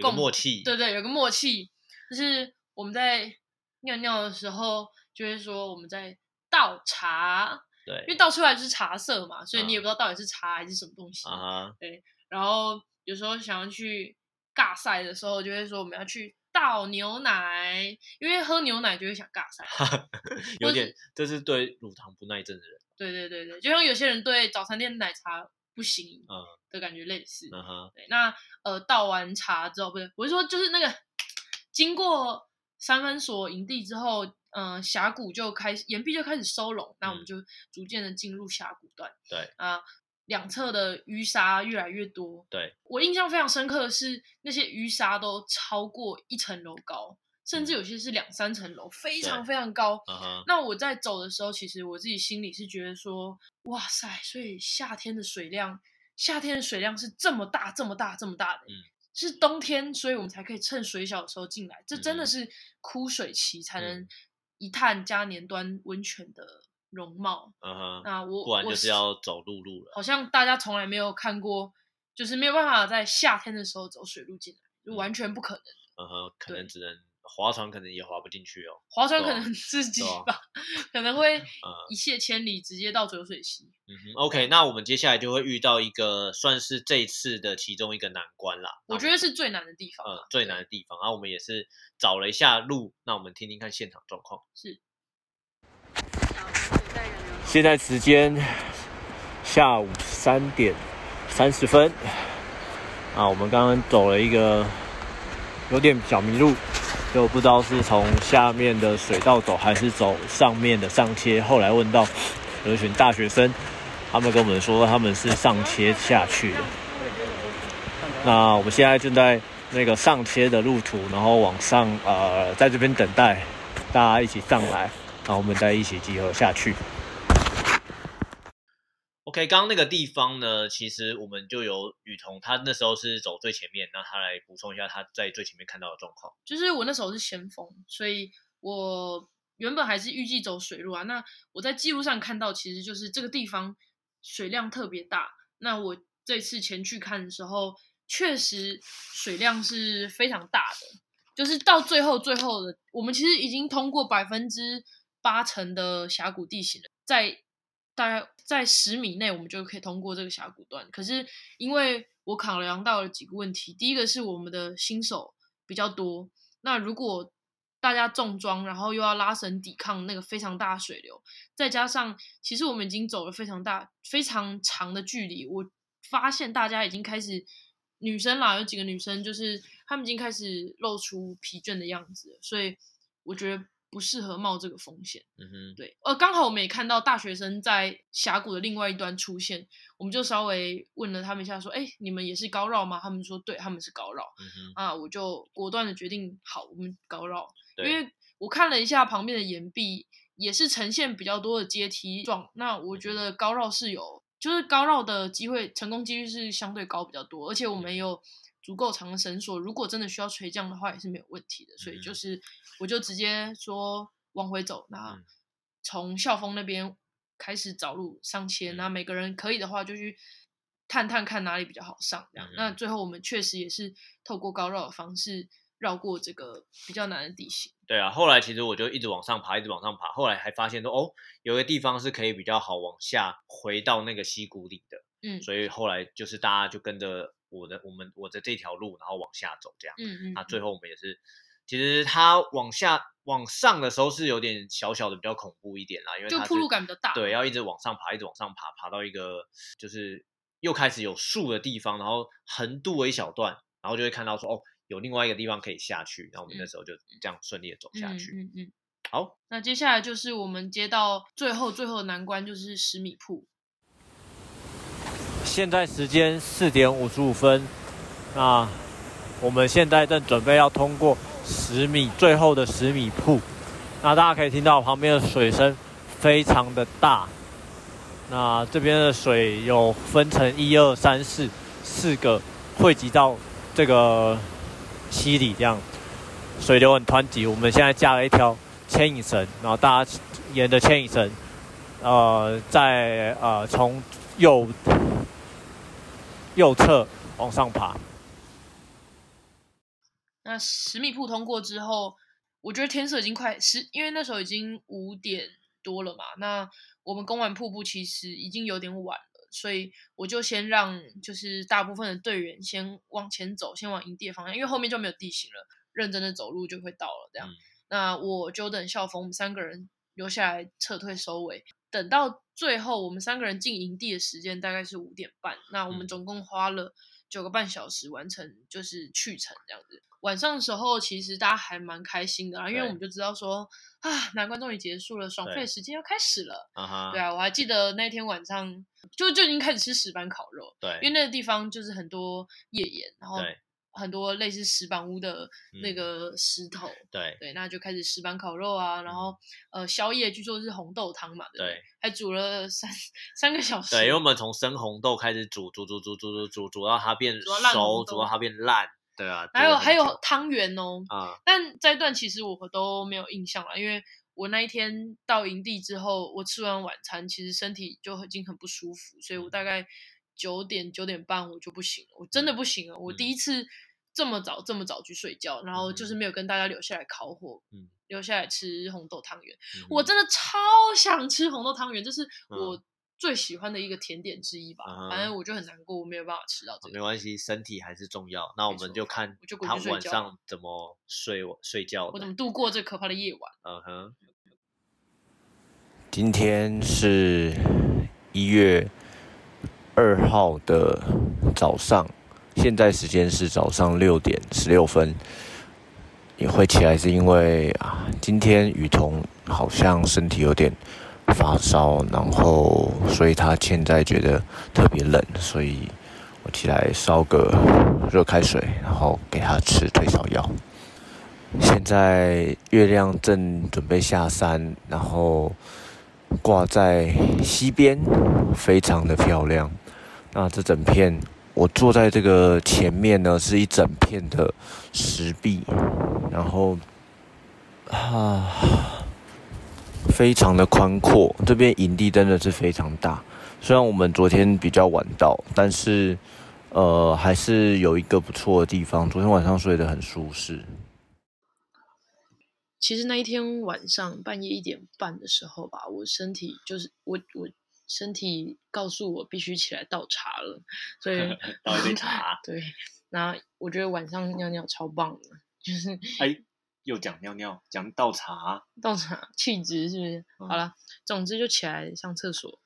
共，有個默契，對對，有個默契，就是我們在尿尿的時候就會、是、說我們在倒茶，對，因為倒出來就是茶色嘛，所以你也不知道到底是茶還是什麼東西，啊，對。然後有時候想要去尬賽的時候，就會、是、說我們要去。倒牛奶，因為喝牛奶就會想尬賽， <laughs> 有點、就是，這是對乳糖不耐症的人。對對對對，就像有些人對早餐店奶茶不行的感覺類似。嗯、那呃，倒完茶之後，不是，我是說，就是那個經過三分所營地之後，嗯、呃，峽谷就開始，岩壁就開始收攏，那我們就逐漸的進入峽谷段。對、嗯、啊。兩側的淤沙越來越多，對我印象非常深刻的是那些淤沙都超過一層樓高，嗯，甚至有些是兩三層樓，非常非常高。Uh-huh. 那我在走的時候，其實我自己心裡是覺得說，哇塞！所以夏天的水量，夏天的水量是這麼大，這麼大，這麼大的，嗯、是冬天，所以我們才可以趁水小的時候進來，這真的是枯水期才能一探加年端溫泉的。容貌，嗯哼，那我，不然就是要走陸路，路了。好像大家從來沒有看過，就是沒有辦法在夏天的時候走水路進來，就、嗯、完全不可能。嗯、uh、哼 -huh，可能只能划船，可能、划船啊，可能也划不進去哦。划船可能刺激吧，啊、 <laughs> 可能會一瀉千里，直接到濁水溪。 <laughs> 嗯哼，OK，那我們接下來就會遇到一個算是這一次的其中一個難關啦。我覺得是最難的地方、啊。嗯，最難的地方。然、啊、我們也是找了一下路，那我們聽聽看現場狀況。是。啊現在時間下午三點三十分啊，我們剛剛走了一個有點小迷路，就不知道是從下面的水道走還是走上面的上切。後來問到有一群大學生，他們跟我們說他們是上切下去的。那我們現在正在那個上切的路途，然後往上呃，在這邊等待大家一起上來，然後我們再一起集合下去。OK，剛剛那個地方呢，其實我們就有雨桐，他那時候是走最前面，那他來補充一下他在最前面看到的狀況。就是我那時候是前鋒，所以我原本還是預計走水路啊。那我在記錄上看到，其實就是這個地方水量特別大。那我這次前去看的時候，確實水量是非常大的，就是到最後最後的，我們其實已經通過百分之八成的峽谷地形了，在。大概在十米內，我們就可以通過這個峽谷段。可是，因為我考量到了幾個問題，第一個是我們的新手比較多，那如果大家重裝，然後又要拉繩抵抗那個非常大水流，再加上其實我們已經走了非常大、非常長的距離，我發現大家已經開始，女生啦，有幾個女生就是她們已經開始露出疲倦的樣子，所以我覺得。不適合冒這個風險。嗯嗯對，呃，剛好我們也看到大學生在峽谷的另外一端出現，我們就稍微問了他們一下，說：“哎、欸，你們也是高繞嗎？”他們說：“對，他們是高繞。嗯”嗯嗯啊，我就果斷的決定，好，我們高繞，對，因為我看了一下旁邊的岩壁，也是呈現比較多的階梯狀，那我覺得高繞是有，就是高繞的機會，成功幾率是相對高比較多，而且我們有……嗯足夠長的繩索，如果真的需要垂降的話，也是沒有問題的。嗯、所以就是，我就直接說往回走，那從校峰那邊開始找路上前，那、嗯、每個人可以的話就去探探看哪裡比較好上。這樣、嗯，那最後我們確實也是透過高繞的方式繞過這個比較難的地形。對啊，後來其實我就一直往上爬，一直往上爬。後來還發現說，哦，有個地方是可以比較好往下回到那個溪谷裡的。嗯，所以後來就是大家就跟着。我的我們我的這條路，然後往下走，這樣，嗯嗯，那最後我們也是，其實它往下往上的時候是有點小小的比較恐怖一點啦，因為它就鋪路感比較大，對，要一直往上爬，一直往上爬，爬到一個就是又開始有樹的地方，然後橫渡了一小段，然後就會看到說哦，有另外一個地方可以下去，然後我們那時候就這樣順利的走下去，嗯嗯，嗯，好，那接下來就是我們接到最後最後的難關就是十米瀑。現在時間四點五十五分，那我們現在正準備要通過十米最後的十米瀑，那大家可以聽到旁邊的水聲非常的大，那這邊的水有分成一二三四四個匯集到這個溪裡，這樣水流很湍急。我們現在架了一條牽引繩，然後大家沿着牽引繩，呃，再呃從右。右側往上爬。那十米瀑通過之後，我覺得天色已經快十，因為那時候已經五點多了嘛。那我們攻完瀑布，其實已經有點晚了，所以我就先讓就是大部分的隊員先往前走，先往營地的方向，因為後面就沒有地形了，認真的走路就會到了。這樣，嗯，那我就等笑風，我們三個人留下來撤退收尾。等到最後，我們三個人進營地的時間大概是五點半、嗯。那我們總共花了九個半小時完成，就是去程這樣子。晚上的時候，其實大家還蠻開心的啊，因為我們就知道說啊，難關終於結束了，爽廢時間要開始了。Uh -huh, 對啊，我還記得那天晚上就就已經開始吃石板烤肉，對，因為那個地方就是很多頁岩，然後。對很多類似石板屋的那個石頭，嗯、對對，那就開始石板烤肉啊，嗯、然後呃宵夜，據說是紅豆湯嘛，對,對,對，還煮了三三個小時，對，因為我們從生紅豆開始煮，煮煮煮煮煮煮到它變熟煮，煮到它變爛，對啊，還有還有湯圓哦，啊、嗯，但這一段其實我都沒有印象了，因為我那一天到營地之後，我吃完晚餐，其實身體就已經很不舒服，所以我大概。九點九點半，我就不行了，我真的不行了。我第一次這麼早這麼早去睡覺，嗯、然後就是沒有跟大家留下來烤火，嗯、留下來吃紅豆湯圓，嗯。我真的超想吃紅豆湯圓，這是我最喜歡的一個甜點之一吧。嗯、反正我就很難過，我沒有辦法吃到，這個啊、沒關係，身體還是重要。那我們就看他晚上怎麼睡睡覺，我怎麼度過這可怕的夜晚。嗯哼、嗯，今天是一月。二號的早上，現在時間是早上六點十六分。也會起來是因為啊，今天雨桐好像身體有點發燒，然後所以他現在覺得特別冷，所以我起來燒個熱開水，然後給他吃退燒藥。現在月亮正準備下山，然後掛在西邊，非常的漂亮。那、啊、這整片，我坐在這個前面呢，是一整片的石壁，然後啊，非常的寬闊。這邊營地真的是非常大。雖然我們昨天比較晚到，但是呃，還是有一個不錯的地方。昨天晚上睡得很舒適。其實那一天晚上半夜一點半的時候吧，我身體就是我我。我身體告訴我必須起來倒茶了，所以 <laughs> 倒一杯茶。 <laughs> 對，然後我覺得晚上尿尿超棒的，嗯、就是哎，又講尿尿，講倒茶，倒茶，氣質是不是？嗯、好了，總之就起來上廁所。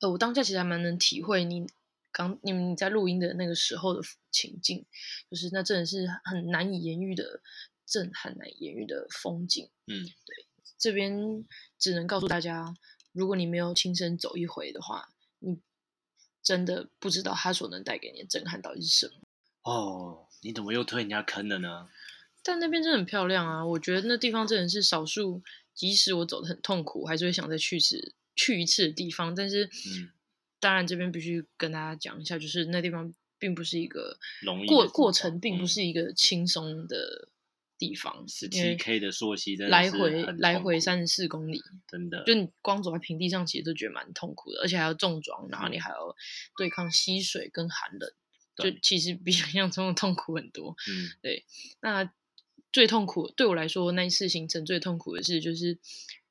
呃，我當下其實還蠻能體會你剛你們在錄音的那個時候的情境，就是那真的是很難以言喻的，震撼，很難以言喻的風景。嗯，對，這邊只能告訴大家。如果你沒有親身走一回的話，你真的不知道它所能帶給你的震撼到底是什麼。哦，你怎麼又推人家坑了呢？但那邊真的很漂亮啊！我覺得那地方真的是少數，即使我走得很痛苦，還是會想再去一次、去一次的地方。但是、嗯，當然這邊必須跟大家講一下，就是那地方並不是一個容易過過程，並不是一個輕鬆的。嗯地方，十七 K 的溯溪，來回來回三十四公里，真的就光走在平地上，其實都覺得蠻痛苦的，的，而且還要重裝，然後你還要對抗溪水跟寒冷，嗯、就其實比想象中的痛苦很多。嗯，對。那最痛苦對我來說，那一次行程最痛苦的是，就是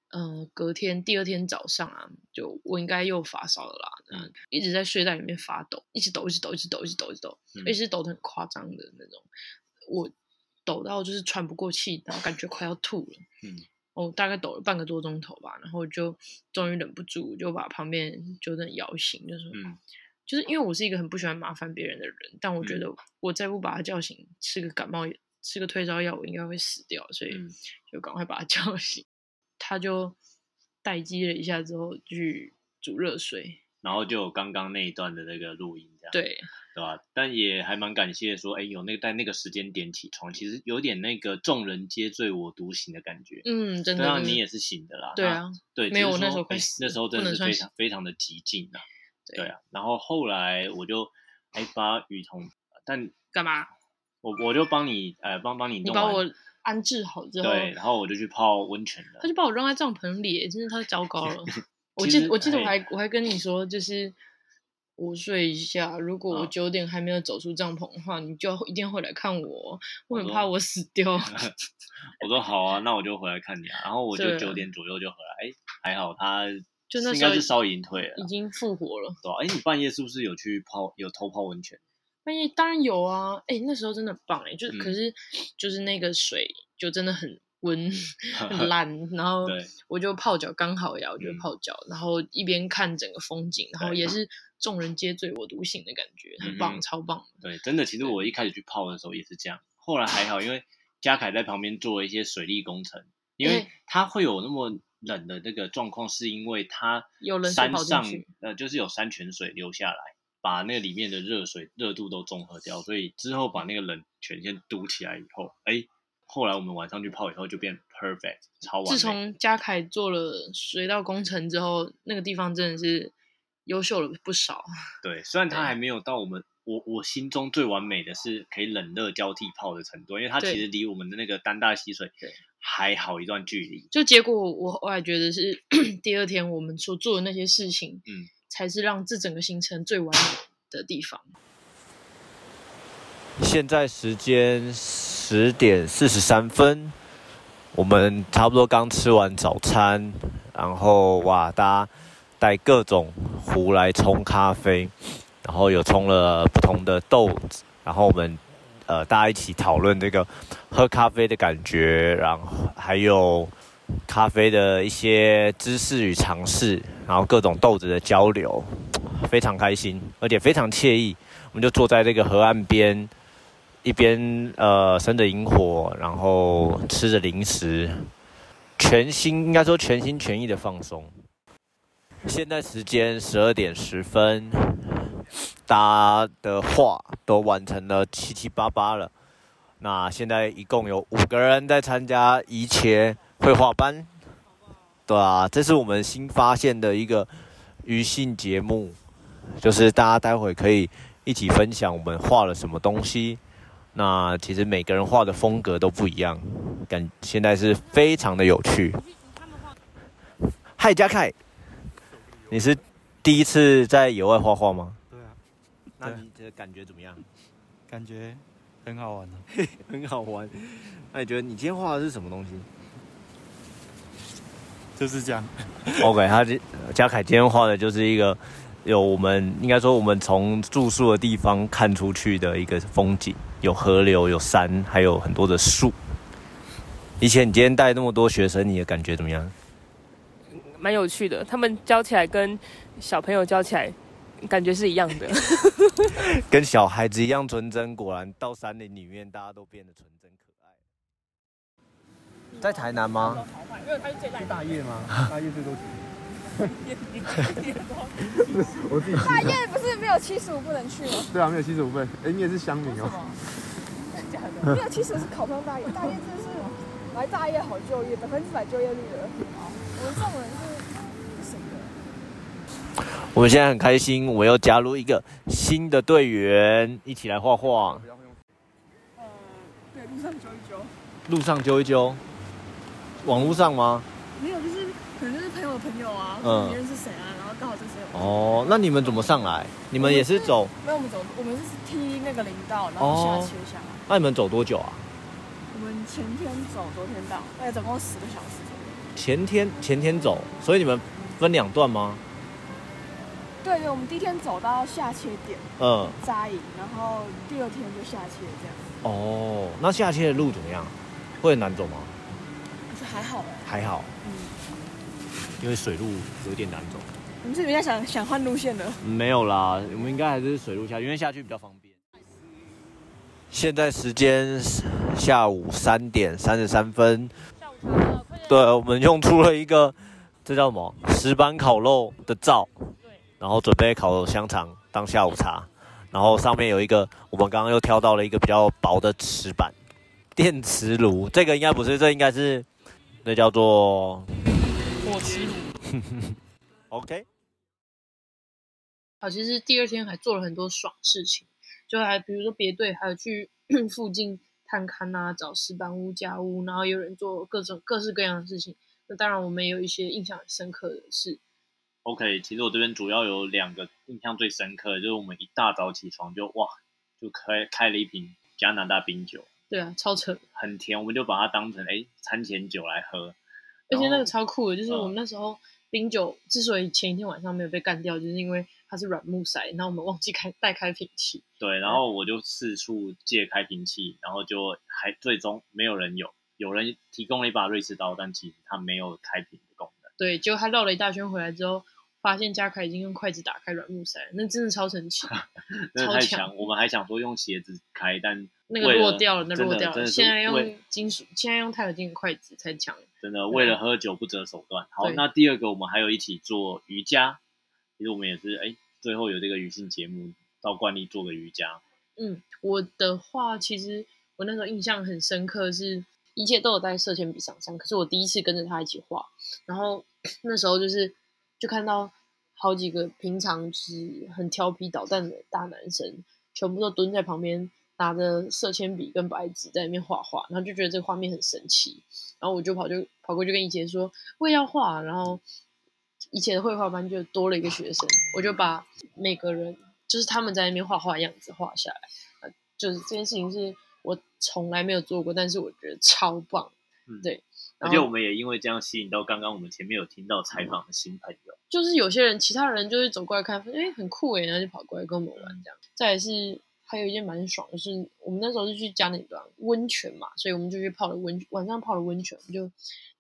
嗯、呃，隔天第二天早上啊，就我應該又發燒了啦，嗯，一直在睡袋裡面發抖，一直抖，一直抖，一直抖，一直抖，一直抖，一直抖得、嗯、很誇張的那種，我。抖到就是喘不過氣，然後感覺快要吐了。嗯，哦，大概抖了半個多鐘頭吧，然後就終於忍不住，就把旁邊就 Jordan 搖醒，就是、嗯，就是因為我是一個很不喜歡麻煩別人的人，但我覺得我再不把他叫醒，吃個感冒吃個退燒藥，我應該會死掉，所以就趕快把他叫醒。他就待機了一下之後去煮熱水，然後就剛剛那一段的那個錄音，這樣。對。對吧、啊？但也還蠻感謝說，說、欸、哎，有那個在那個時間點起床，其實有點那個眾人皆醉我獨醒的感覺。嗯，真的，那你也是醒的啦。對啊，對，沒有說我那時候、欸、那時候真的是非常非常的激進的、啊。對啊，然後後來我就還、欸、把雨桐，但幹嘛？我我就幫你呃，幫幫你，你把我安置好之後，對，然後我就去泡溫泉了。他就把我扔在帳篷裡，真的太糟糕了。 <laughs> 我記得我記得我還、欸、我還跟你說，就是。午睡一下，如果我九點還沒有走出帳篷的話、啊，你就一定會來看我。我很怕我死掉。我說， <laughs> 我說好啊，那我就回來看你啊。然後我就九點左右就回來。哎、啊欸，還好他，就應該是燒已經退了，已經復活了。對哎、啊欸，你半夜是不是有去泡有偷泡溫泉？半夜當然有啊。哎、欸，那時候真的很棒。哎、欸，就是、嗯、可是就是那個水就真的很溫 <laughs> 很爛，然後我就泡腳剛好呀、嗯，我就泡腳，然後一邊看整個風景，然後也是。眾人皆醉我獨醒的感覺，很棒，嗯嗯超棒。對，真的，其實我一開始去泡的時候也是這樣，後來還好，因為嘉凱在旁邊做一些水利工程，因為他會有那麼冷的那個狀況，是因為他山上有呃，就是有山泉水流下來，把那裡面的熱水熱度都綜合掉，所以之後把那個冷泉先堵起來以後，哎、欸，後來我們晚上去泡以後就變 perfect，超完美。自從嘉凱做了水道工程之後，那個地方真的是。優秀了不少。對，雖然他還沒有到我們我我心中最完美的，是可以冷熱交替泡的程度，因為他其實離我們的那個丹大溪水還好一段距離。就結果我後來覺得是 <coughs> 第二天我們所做的那些事情，嗯，才是讓這整個行程最完美的地方。現在時間十點四十三分，我們差不多剛吃完早餐，然後哇，大帶各種壺來沖咖啡，然後有沖了不同的豆子，然後我們呃大家一起討論這個喝咖啡的感覺，然後還有咖啡的一些知識與嘗試，然後各種豆子的交流，非常開心，而且非常愜意。我們就坐在這個河岸邊，一邊呃生着營火，然後吃着零食，全心應該說全心全意的放鬆。現在時間十二點十分，大家的畫都完成了七七八八了。那現在一共有五個人在參加一切繪畫班。嗯嗯好好，對啊，這是我們新發現的一個餘興節目，就是大家待會可以一起分享我們畫了什麼東西。那其實每個人畫的風格都不一樣，感覺現在是非常的有趣。嗨、嗯，嘉凱。你是第一次在野外畫畫嗎？對啊，那你的感覺怎麼樣？ <laughs> 感覺很好玩嘿， <laughs> 很好玩。那你覺得你今天畫的是什麼東西？就是這樣。 <laughs> OK，他這嘉凱今天畫的就是一個有我們應該說我們從住宿的地方看出去的一個風景，有河流，有山，還有很多的樹。以前你今天帶那麼多學生，你的感覺怎麼樣？蠻有趣的，他們教起來跟小朋友教起來感覺是一樣的， <laughs> 跟小孩子一樣純真。果然到山林裡面，大家都變得純真可愛。在台南嗎？因為他是最大業嗎？大業最多幾年 <laughs> <laughs> <laughs> <laughs> <laughs> 大業不是沒有七十五不能去嗎？對啊，沒有七十五分。哎、欸，你也是鄉民哦？沒有七十五是考上大業，大業真是來大業好就業，百分之百就業率的。我們這種人。我們現在很開心，我要加入一個新的隊員，一起來畫畫。呃，路上揪一揪。路上揪一揪，網路上嗎？沒有，就是可能就是朋友的朋友啊，嗯，認識誰啊，然後剛好認識。哦，那你們怎麼上來？你們，我們是，也是走？沒有，我們走，我們是踢那個林道，然後下切下來。那你們走多久啊？我們前天走，昨天到，大概總共十個小時左右。前天前天走，所以你們分兩段嗎？對對我們第一天走到下切點，嗯，扎營，然後第二天就下切這樣。哦，那下切的路怎麼樣？會很難走嗎？還,還好啊。還好。嗯。因為水路有點難走。你們是比較想想換路線的？沒有啦，我們應該還是水路下，因為下去比較方便。現在時間下午三點三十三分。對，我們用出了一個，這叫什麼？石板烤肉的灶。然後準備烤香腸當下午茶，然後上面有一個，我們剛剛又挑到了一個比較薄的石板，電磁爐這個應該不是，這應該是，那叫做火雞爐。 <laughs> OK，好，其實第二天還做了很多爽事情，就還比如說別隊還有去附近探勘啊，找石板屋、家屋，然後有人做各種各式各樣的事情。那當然我們也有一些印象很深刻的事。OK，其實我這邊主要有兩個印象最深刻的，的就是我們一大早起床就哇，就開開了一瓶加拿大冰酒。對啊，超扯。很甜，我們就把它當成誒、欸、餐前酒來喝。而且那個超酷的，就是我們那時候冰酒之所以前一天晚上沒有被干掉，就是因為它是軟木塞，然後我們忘記開帶開瓶器。對，然後我就四處借開瓶器，然後就還、嗯、最終沒有人有，有人提供了一把瑞士刀，但其實它沒有開瓶的功能。對，結果他繞了一大圈回來之後。發現家凱已經用筷子打開軟木塞，那真的超神奇，啊、強，超強！我們還想說用鞋子開，但那個落掉了，那落掉了。現在用金屬，現在用鈦合金的筷子才強。真的，為了喝酒不擇手段。好，那第二個我們還有一起做瑜伽，其實我們也是哎、欸，最後有這個女性節目，照慣例做個瑜伽。嗯，我的畫，其實我那時候印象很深刻是，是一切都有帶色鉛筆上上，可是我第一次跟着他一起畫，然後 <laughs> 那時候就是。就看到好幾個平常是很調皮搗蛋的大男生，全部都蹲在旁邊，拿着色鉛筆跟白紙在那邊畫畫，然後就覺得這個畫面很神奇，然後我就跑就跑過去跟以前說，我也要畫，然後以前的繪畫班就多了一個學生，我就把每個人就是他們在那邊畫畫的樣子畫下來，啊，就是這件事情是我從來沒有做過，但是我覺得超棒，對。嗯而且我們也因為這樣吸引到剛剛我們前面有聽到採訪的新朋友，嗯，就是有些人，其他人就是走過來看，誒很酷誒，然後就跑過來跟我們玩這樣。再來是還有一件蠻爽的是，我們那時候是去加年端溫泉嘛，所以我們就去泡了溫，晚上泡了溫泉，我們就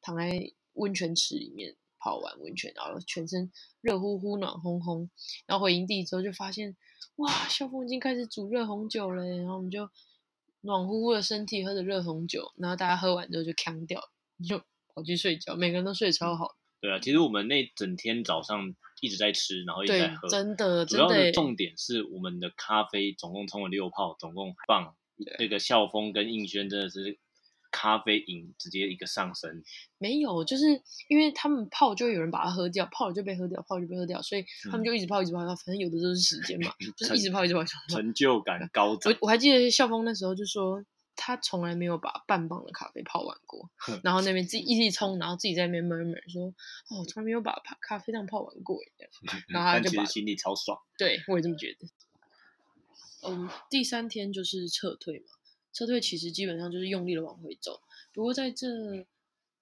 躺在溫泉池裡面泡完溫泉，然後全身熱乎乎、暖烘烘，然後回營地之後就發現，哇，蕭峰已經開始煮熱紅酒了，然後我們就暖乎乎的身體喝着熱紅酒，然後大家喝完之後就鏘掉了。你就跑去睡覺，每個人都睡得超好，嗯。對啊，其實我們那整天早上一直在吃，然後一直在喝。真的，真的。主要的重點是我們的咖啡總共沖了六泡，總共放那個校風跟應軒真的是咖啡癮直接一個上升。沒有，就是因為他們泡就有人把它喝掉，泡了就被喝掉，泡了就被喝掉，所以他們就一直泡一直泡，嗯、反正有的都是時間嘛， <laughs> 就是一直泡一直泡。成就感高漲 <laughs> 我我還記得校風那時候就說。他從來沒有把半磅的咖啡泡完過，然後那邊自己一直沖，然後自己在那邊 murmur 說，哦，從來沒有把咖啡這樣泡完過，嗯，然後他就把心裡超爽。對，我也這麼覺得。嗯，第三天就是撤退嘛，撤退其實基本上就是用力的往回走。不過在這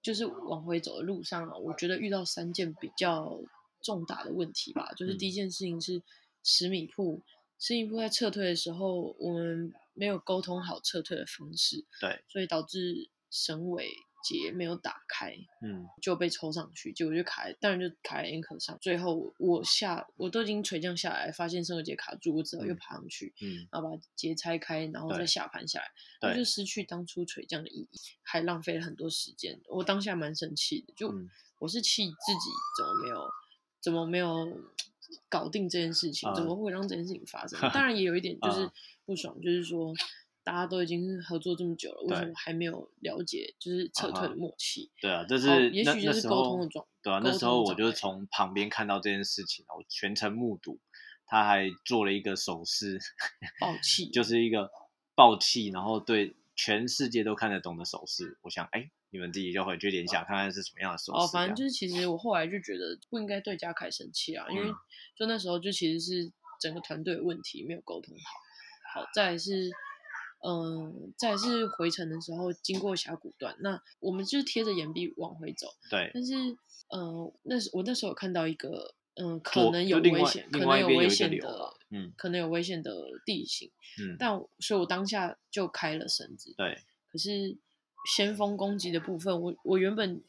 就是往回走的路上啊，我覺得遇到三件比較重大的問題吧，就是第一件事情是十米瀑，嗯，十米瀑在撤退的時候，我們。沒有溝通好撤退的方式，對，所以導致繩尾結沒有打開，嗯，就被抽上去，結果就卡在，當然就卡在 anchor 上。最後我下，我都已經垂降下來，發現繩尾結卡住，我只好又爬上去，嗯，然後把結拆開，然後再下盤下來，對，就失去當初垂降的意義，還浪費了很多時間。我當下蠻生氣的，就、嗯、我是氣自己怎麼沒有，怎麼沒有。搞定這件事情，怎麼會讓這件事情發生？嗯、當然也有一點就是不爽、嗯，就是說大家都已經是合作這麼久了，為什麼還沒有了解，就是撤退的默契、啊？對啊，這是也許就是溝通的狀。對啊，那時候我就從旁邊看到這件事情，我全程目睹，他還做了一個手勢，爆氣， <laughs> 就是一個爆氣，然後對全世界都看得懂的手勢。我想，哎。你們自己就回去聯想，看看是什麼樣的手、啊、哦，反正就是，其實我後來就覺得不應該對家凱生氣啊、嗯，因為就那時候就其實是整個團隊的問題沒有溝通好。好，再來是，嗯、呃，再來是回程的時候經過峽谷段，那我們就貼着岩壁往回走。對。但是，嗯、呃，那時我那時候看到一個，嗯、呃，可能有危險，可能有危險的，嗯，可能有危險的地形，嗯，但我所以，我當下就開了繩子。對。可是。先鋒攻擊的部分，我我原本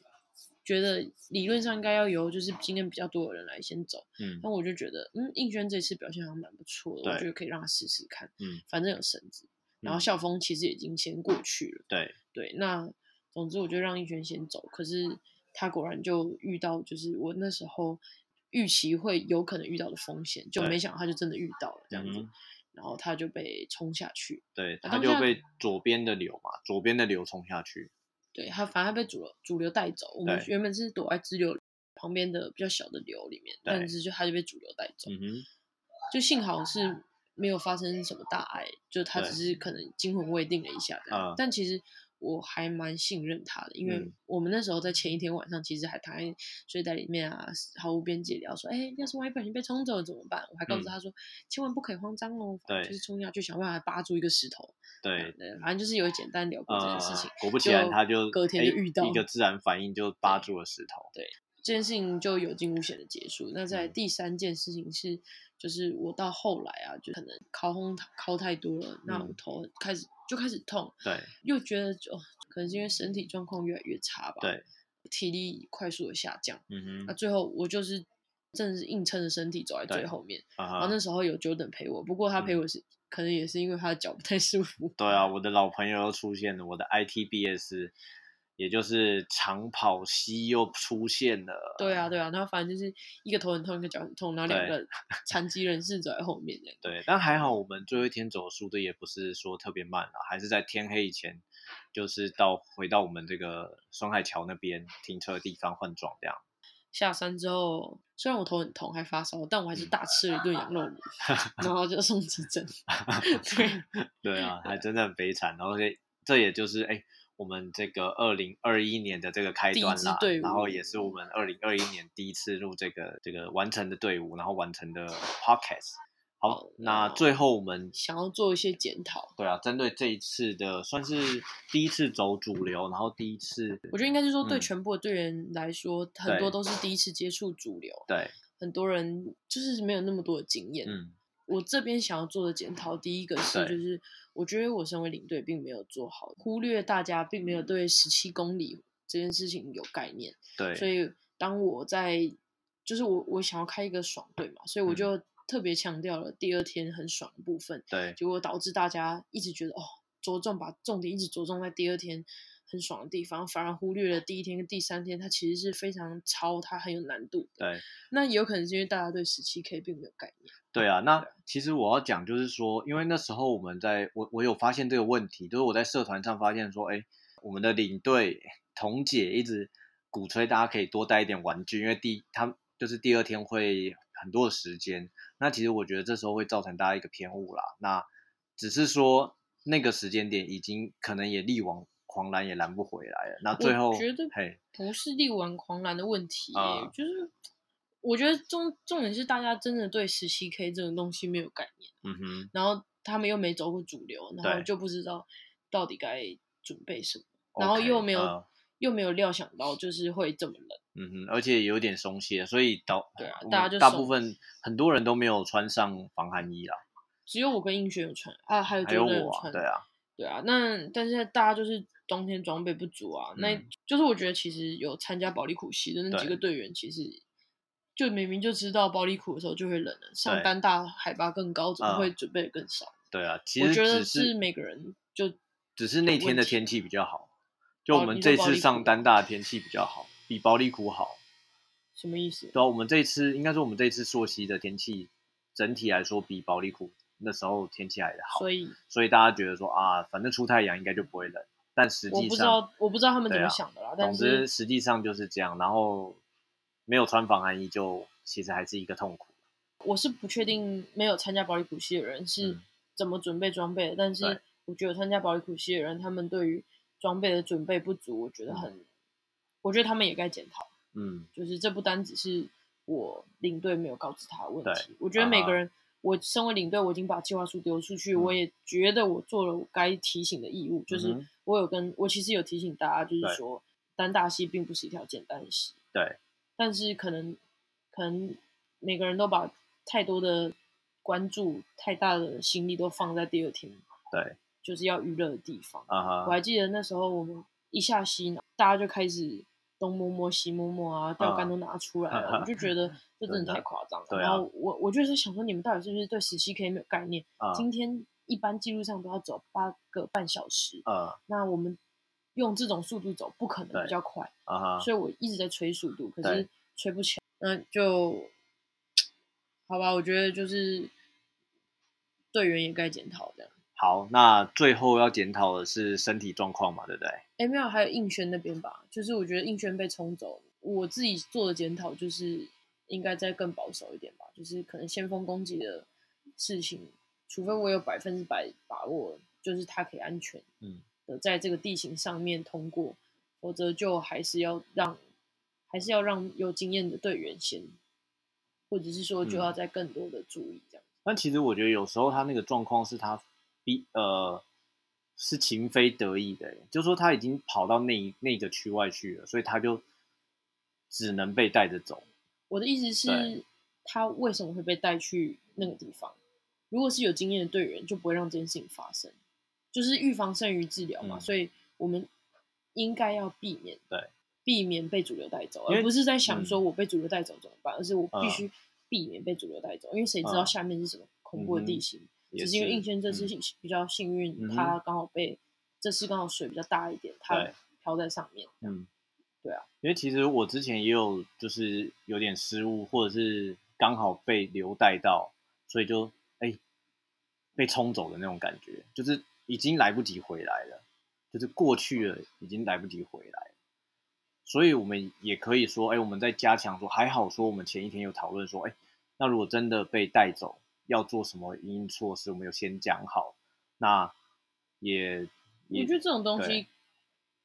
覺得理論上應該要由就是經驗比較多的人來先走，嗯，但我就覺得，嗯，應軒這次表現好像蠻不錯的，我覺得可以讓他試試看，嗯，反正有繩子、嗯，然後校風其實已經先過去了，對對，那總之我就讓應軒先走，可是他果然就遇到就是我那時候預期會有可能遇到的風險，就沒想到他就真的遇到了這樣子。嗯然後他就被衝下去，對、啊、他就被左邊的流嘛、啊，左邊的流衝下去，對，他反而被主流主流帶走。我們原本是躲在支流旁邊的比較小的流裡面，但是就他就被主流帶走，嗯、就幸好是沒有發生什麼大礙，就他只是可能驚魂未定了一下這樣，但其實。我還蠻信任他的，因為我們那時候在前一天晚上，其實還躺、嗯、在睡袋裡面啊，毫無邊界聊說，哎、欸，要是萬一不小心被沖走了怎麼辦？我還告訴他說、嗯，千萬不可以慌張哦，對，就是沖下去想辦法扒住一個石頭。對，反正就是有簡單聊過這件事情。果不其然，他就隔天就遇到、欸、一個自然反應，就扒住了石頭。對，這件事情就有驚無險的結束。那在第三件事情是。嗯就是我到後來啊，就可能考轟考太多了，那我頭開始、嗯、就開始痛，對，又覺得就、哦、可能是因為身體狀況越來越差吧，對，體力快速的下降，嗯哼，那、啊、最後我就是真是硬撐着身體走在最後面，然後那時候有九等陪我、嗯，不過他陪我是可能也是因為他的腳不太舒服，對啊，我的老朋友又出現了，我的 ITBS。也就是長跑西又出現了，對啊對啊，然後反正就是一個頭很痛，一個腳很痛，然後兩個殘疾人士走在後面。對，但還好我們最後一天走的速度也不是說特別慢了，還是在天黑以前，就是到回到我們這個孫海橋那邊停車的地方換裝這樣。下山之後，雖然我頭很痛還發燒，但我還是大吃了一頓羊肉麵 <laughs> 然後就送急診 <laughs> 。對啊，還真的很悲慘，啊、然後這這也就是哎。誒我們這個二零二一年的這個開端啦，然後也是我們二零二一年第一次錄這個這個完成的隊伍，然後完成的 podcast 好，嗯，那最後我們想要做一些檢討。對啊，針對這一次的算是第一次走主流，然後第一次，我覺得應該是說，對全部的隊員來說，嗯，很多都是第一次接觸主流，對，很多人就是沒有那麼多的經驗。嗯。我這邊想要做的檢討，第一個是，就是我覺得我身為領隊並沒有做好，忽略大家並沒有對十七公里這件事情有概念。對，所以當我在，就是我我想要開一個爽隊嘛，所以我就特別強調了第二天很爽的部分。對、嗯，結果導致大家一直覺得哦，着重把重點一直着重在第二天，很爽的地方，反而忽略了第一天跟第三天，它其實是非常超，它很有難度。對，那有可能是因為大家對十七 K 並沒有概念。對啊，那其實我要講就是說，因為那時候我們在我我有發現這個問題，就是我在社團上發現說，哎，我們的領隊童姐一直鼓吹大家可以多帶一點玩具，因為第他就是第二天會很多的時間。那其實我覺得這時候會造成大家一個偏誤啦。那只是說那個時間點已經可能也力往狂瀾也攔不回來了。那最後我覺得不是力挽狂瀾的問題，欸啊，就是我覺得重重點是大家真的對十七 K 這種東西沒有概念。嗯哼，然後他們又沒走過主流，然後就不知道到底該準備什麼，然後又沒有 okay, uh, 又沒有料想到就是會這麼冷。嗯哼，而且有點鬆懈，所以導對，啊、對啊，大家大部分很多人都沒有穿上防寒衣了。只有我跟映雪有穿啊，還有，就是有穿還有我啊對啊對啊。那但是大家就是，冬天裝備不足啊、嗯，那就是我覺得其實有參加保利庫溪的那幾個隊員，其實就明明就知道保利庫的時候就會冷了，了，上丹大海拔更高，怎麼會準備的更少，嗯？對啊，其實我覺得是每個人就只是那天的天氣比較好，就我們這次上丹大的天氣比較好，保苦比保利庫好，什麼意思？對、啊、我們這次應該說我們這次溯溪的天氣整體來說比保利庫那時候天氣還好，所以所以大家覺得說啊，反正出太陽應該就不會冷。但實際上我不知道，我不知道他們怎麼想的啦。啊、但是總之，實際上就是這樣。然後沒有穿防寒衣，就其實還是一個痛苦。我是不確定沒有參加保力古溪的人是怎麼準備裝備的，嗯、但是我覺得我參加保力古溪的人，他們對於裝備的準備不足，我覺得很、嗯，我覺得他們也該檢討。嗯，就是這不單只是我領隊沒有告知他的問題。嗯、我覺得每個人，嗯、我身為領隊，我已經把計劃書丟出去，嗯、我也覺得我做了我該提醒的義務，嗯、就是。我有跟我其實有提醒大家，就是說丹大溪並不是一條簡單的溪對。但是可能可能每個人都把太多的關注、太大的心力都放在第二天。對。就是要娛樂的地方。啊哈。我還記得那時候我們一下溪呢，大家就開始東摸摸西摸摸啊，釣竿都拿出來了、啊，我、uh -huh. 就覺得這真的太誇張了。 <laughs> 對。然後我我就是想說，你們到底是不是對十七 K 沒有概念？啊、uh -huh.。今天。一般記錄上都要走八個半小時，呃。那我們用這種速度走，不可能比較快。啊哈。所以我一直在催速度，可是催不起來。那就好吧，我覺得就是隊員也該檢討這樣。好，那最後要檢討的是身體狀況嘛，對不對？M l 還有應軒那邊吧，就是我覺得應軒被衝走，我自己做的檢討就是應該再更保守一點吧，就是可能先鋒攻擊的事情。除非我有百分之百把握，就是他可以安全的在這個地形上面通過，嗯，否則就還是要讓，還是要讓有經驗的隊員先，或者是說就要再更多的注意這樣子。嗯，但其實我覺得有時候他那個狀況是他比呃是情非得已的，就說他已經跑到那一那個區外去了，所以他就只能被帶着走。我的意思是，他為什麼會被帶去那個地方？如果是有經驗的隊員，就不會讓這件事情發生，就是預防勝於治療嘛、嗯。所以我們應該要避免，對，避免被主流帶走，而不是在想說我被主流帶走怎麼辦，嗯、而是我必須避免被主流帶走、嗯，因為誰知道下面是什麼恐怖的地形。嗯、只是因為應先這次比較幸運、嗯，他剛好被、嗯、這次剛好水比較大一點，他飄在上面。嗯，對啊，因為其實我之前也有就是有點失誤，或者是剛好被流帶到，所以就。被沖走的那種感覺，就是已經來不及回來了，就是過去了，已經來不及回來。所以，我們也可以說，哎，我們在加強說，還好說，我們前一天有討論說，哎，那如果真的被帶走，要做什麼因應措施，我們有先講好。那也，也我覺得這種東西，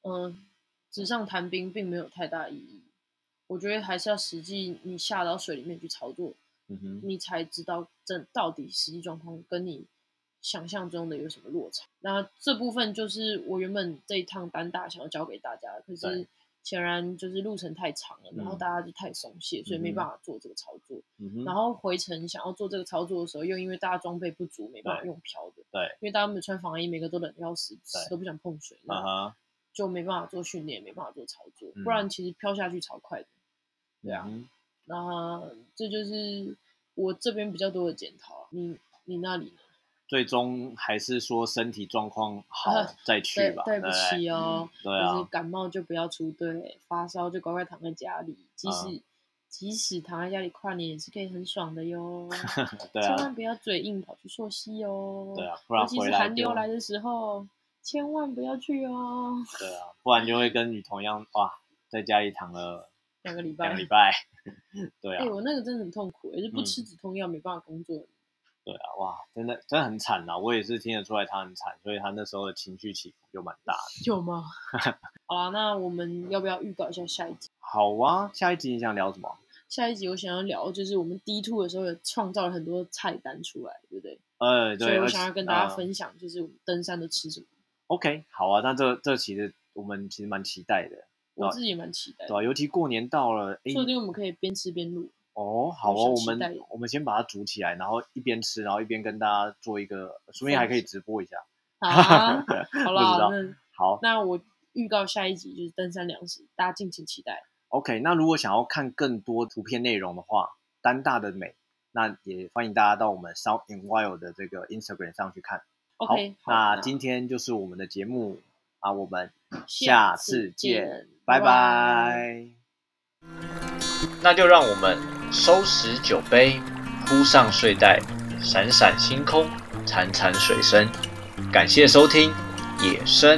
嗯，紙、呃、上談兵並沒有太大意義。我覺得還是要實際，你下到水裡面去操作，嗯哼，你才知道這到底實際狀況跟你。想象中的有什麼落差？那這部分就是我原本這一趟丹大想要教給大家，可是顯然就是路程太長了，然後大家就太鬆懈、嗯，所以沒辦法做這個操作、嗯。然後回程想要做這個操作的時候，又因為大家裝備不足，沒辦法用漂的。對，因為大家沒穿防衣，每個都冷要死，都不想碰水，就沒辦法做訓練、嗯，沒辦法做操作。嗯、不然其實漂下去超快的。嗯、對啊、嗯。那這就是我這邊比較多的檢討啊。你你那裡呢？最終還是說身體狀況好、呃、再去吧對。對不起哦，就、嗯、是感冒就不要出隊、嗯啊，發燒就乖乖躺在家裡。即使、嗯、即使躺在家裡跨年也是可以很爽的喲。 <laughs> 對、啊、千萬不要嘴硬跑去溯溪哦。對啊，不然尤其是寒流來的時候，千萬不要去哦。對啊，不然就會跟你同樣哇，在家裡躺了兩個禮拜。兩個禮拜。禮拜 <laughs> 對啊。哎、欸，我那個真的很痛苦，也、嗯、是不吃止痛藥沒辦法工作。對啊，哇，真的真的很慘啊！我也是聽得出來他很慘，所以他那時候的情緒起伏就蠻大的。有嗎？ <laughs> 好啊，那我們要不要預告一下下一集？好啊，下一集你想聊什麼？下一集我想要聊就是我們 D Two 的時候也創造了很多菜單出來，對不對？呃，對。所以我想要跟大家分享就是我們登山都吃什麼、嗯。OK，好啊，那這這其實我們其實蠻期待的，我自己也蠻期待的。對啊、對啊、尤其過年到了，說不定我們可以邊吃邊錄。哦、oh, 啊，好哦，我們我們先把它煮起來，然後一邊吃，然後一邊跟大家做一個，說明還可以直播一下。下一啊、 <laughs> 好了，好，那我預告下一集就是登山糧食，大家敬請期待。OK，那如果想要看更多圖片內容的話，單大的美，那也歡迎大家到我們 Sound in Wild 的這個 Instagram 上去看。OK，那今天就是我們的節目啊，我們下次，下次見，拜拜。那就讓我們。收拾酒杯，鋪上睡袋，閃閃星空，潺潺水聲。感謝收聽《野聲》。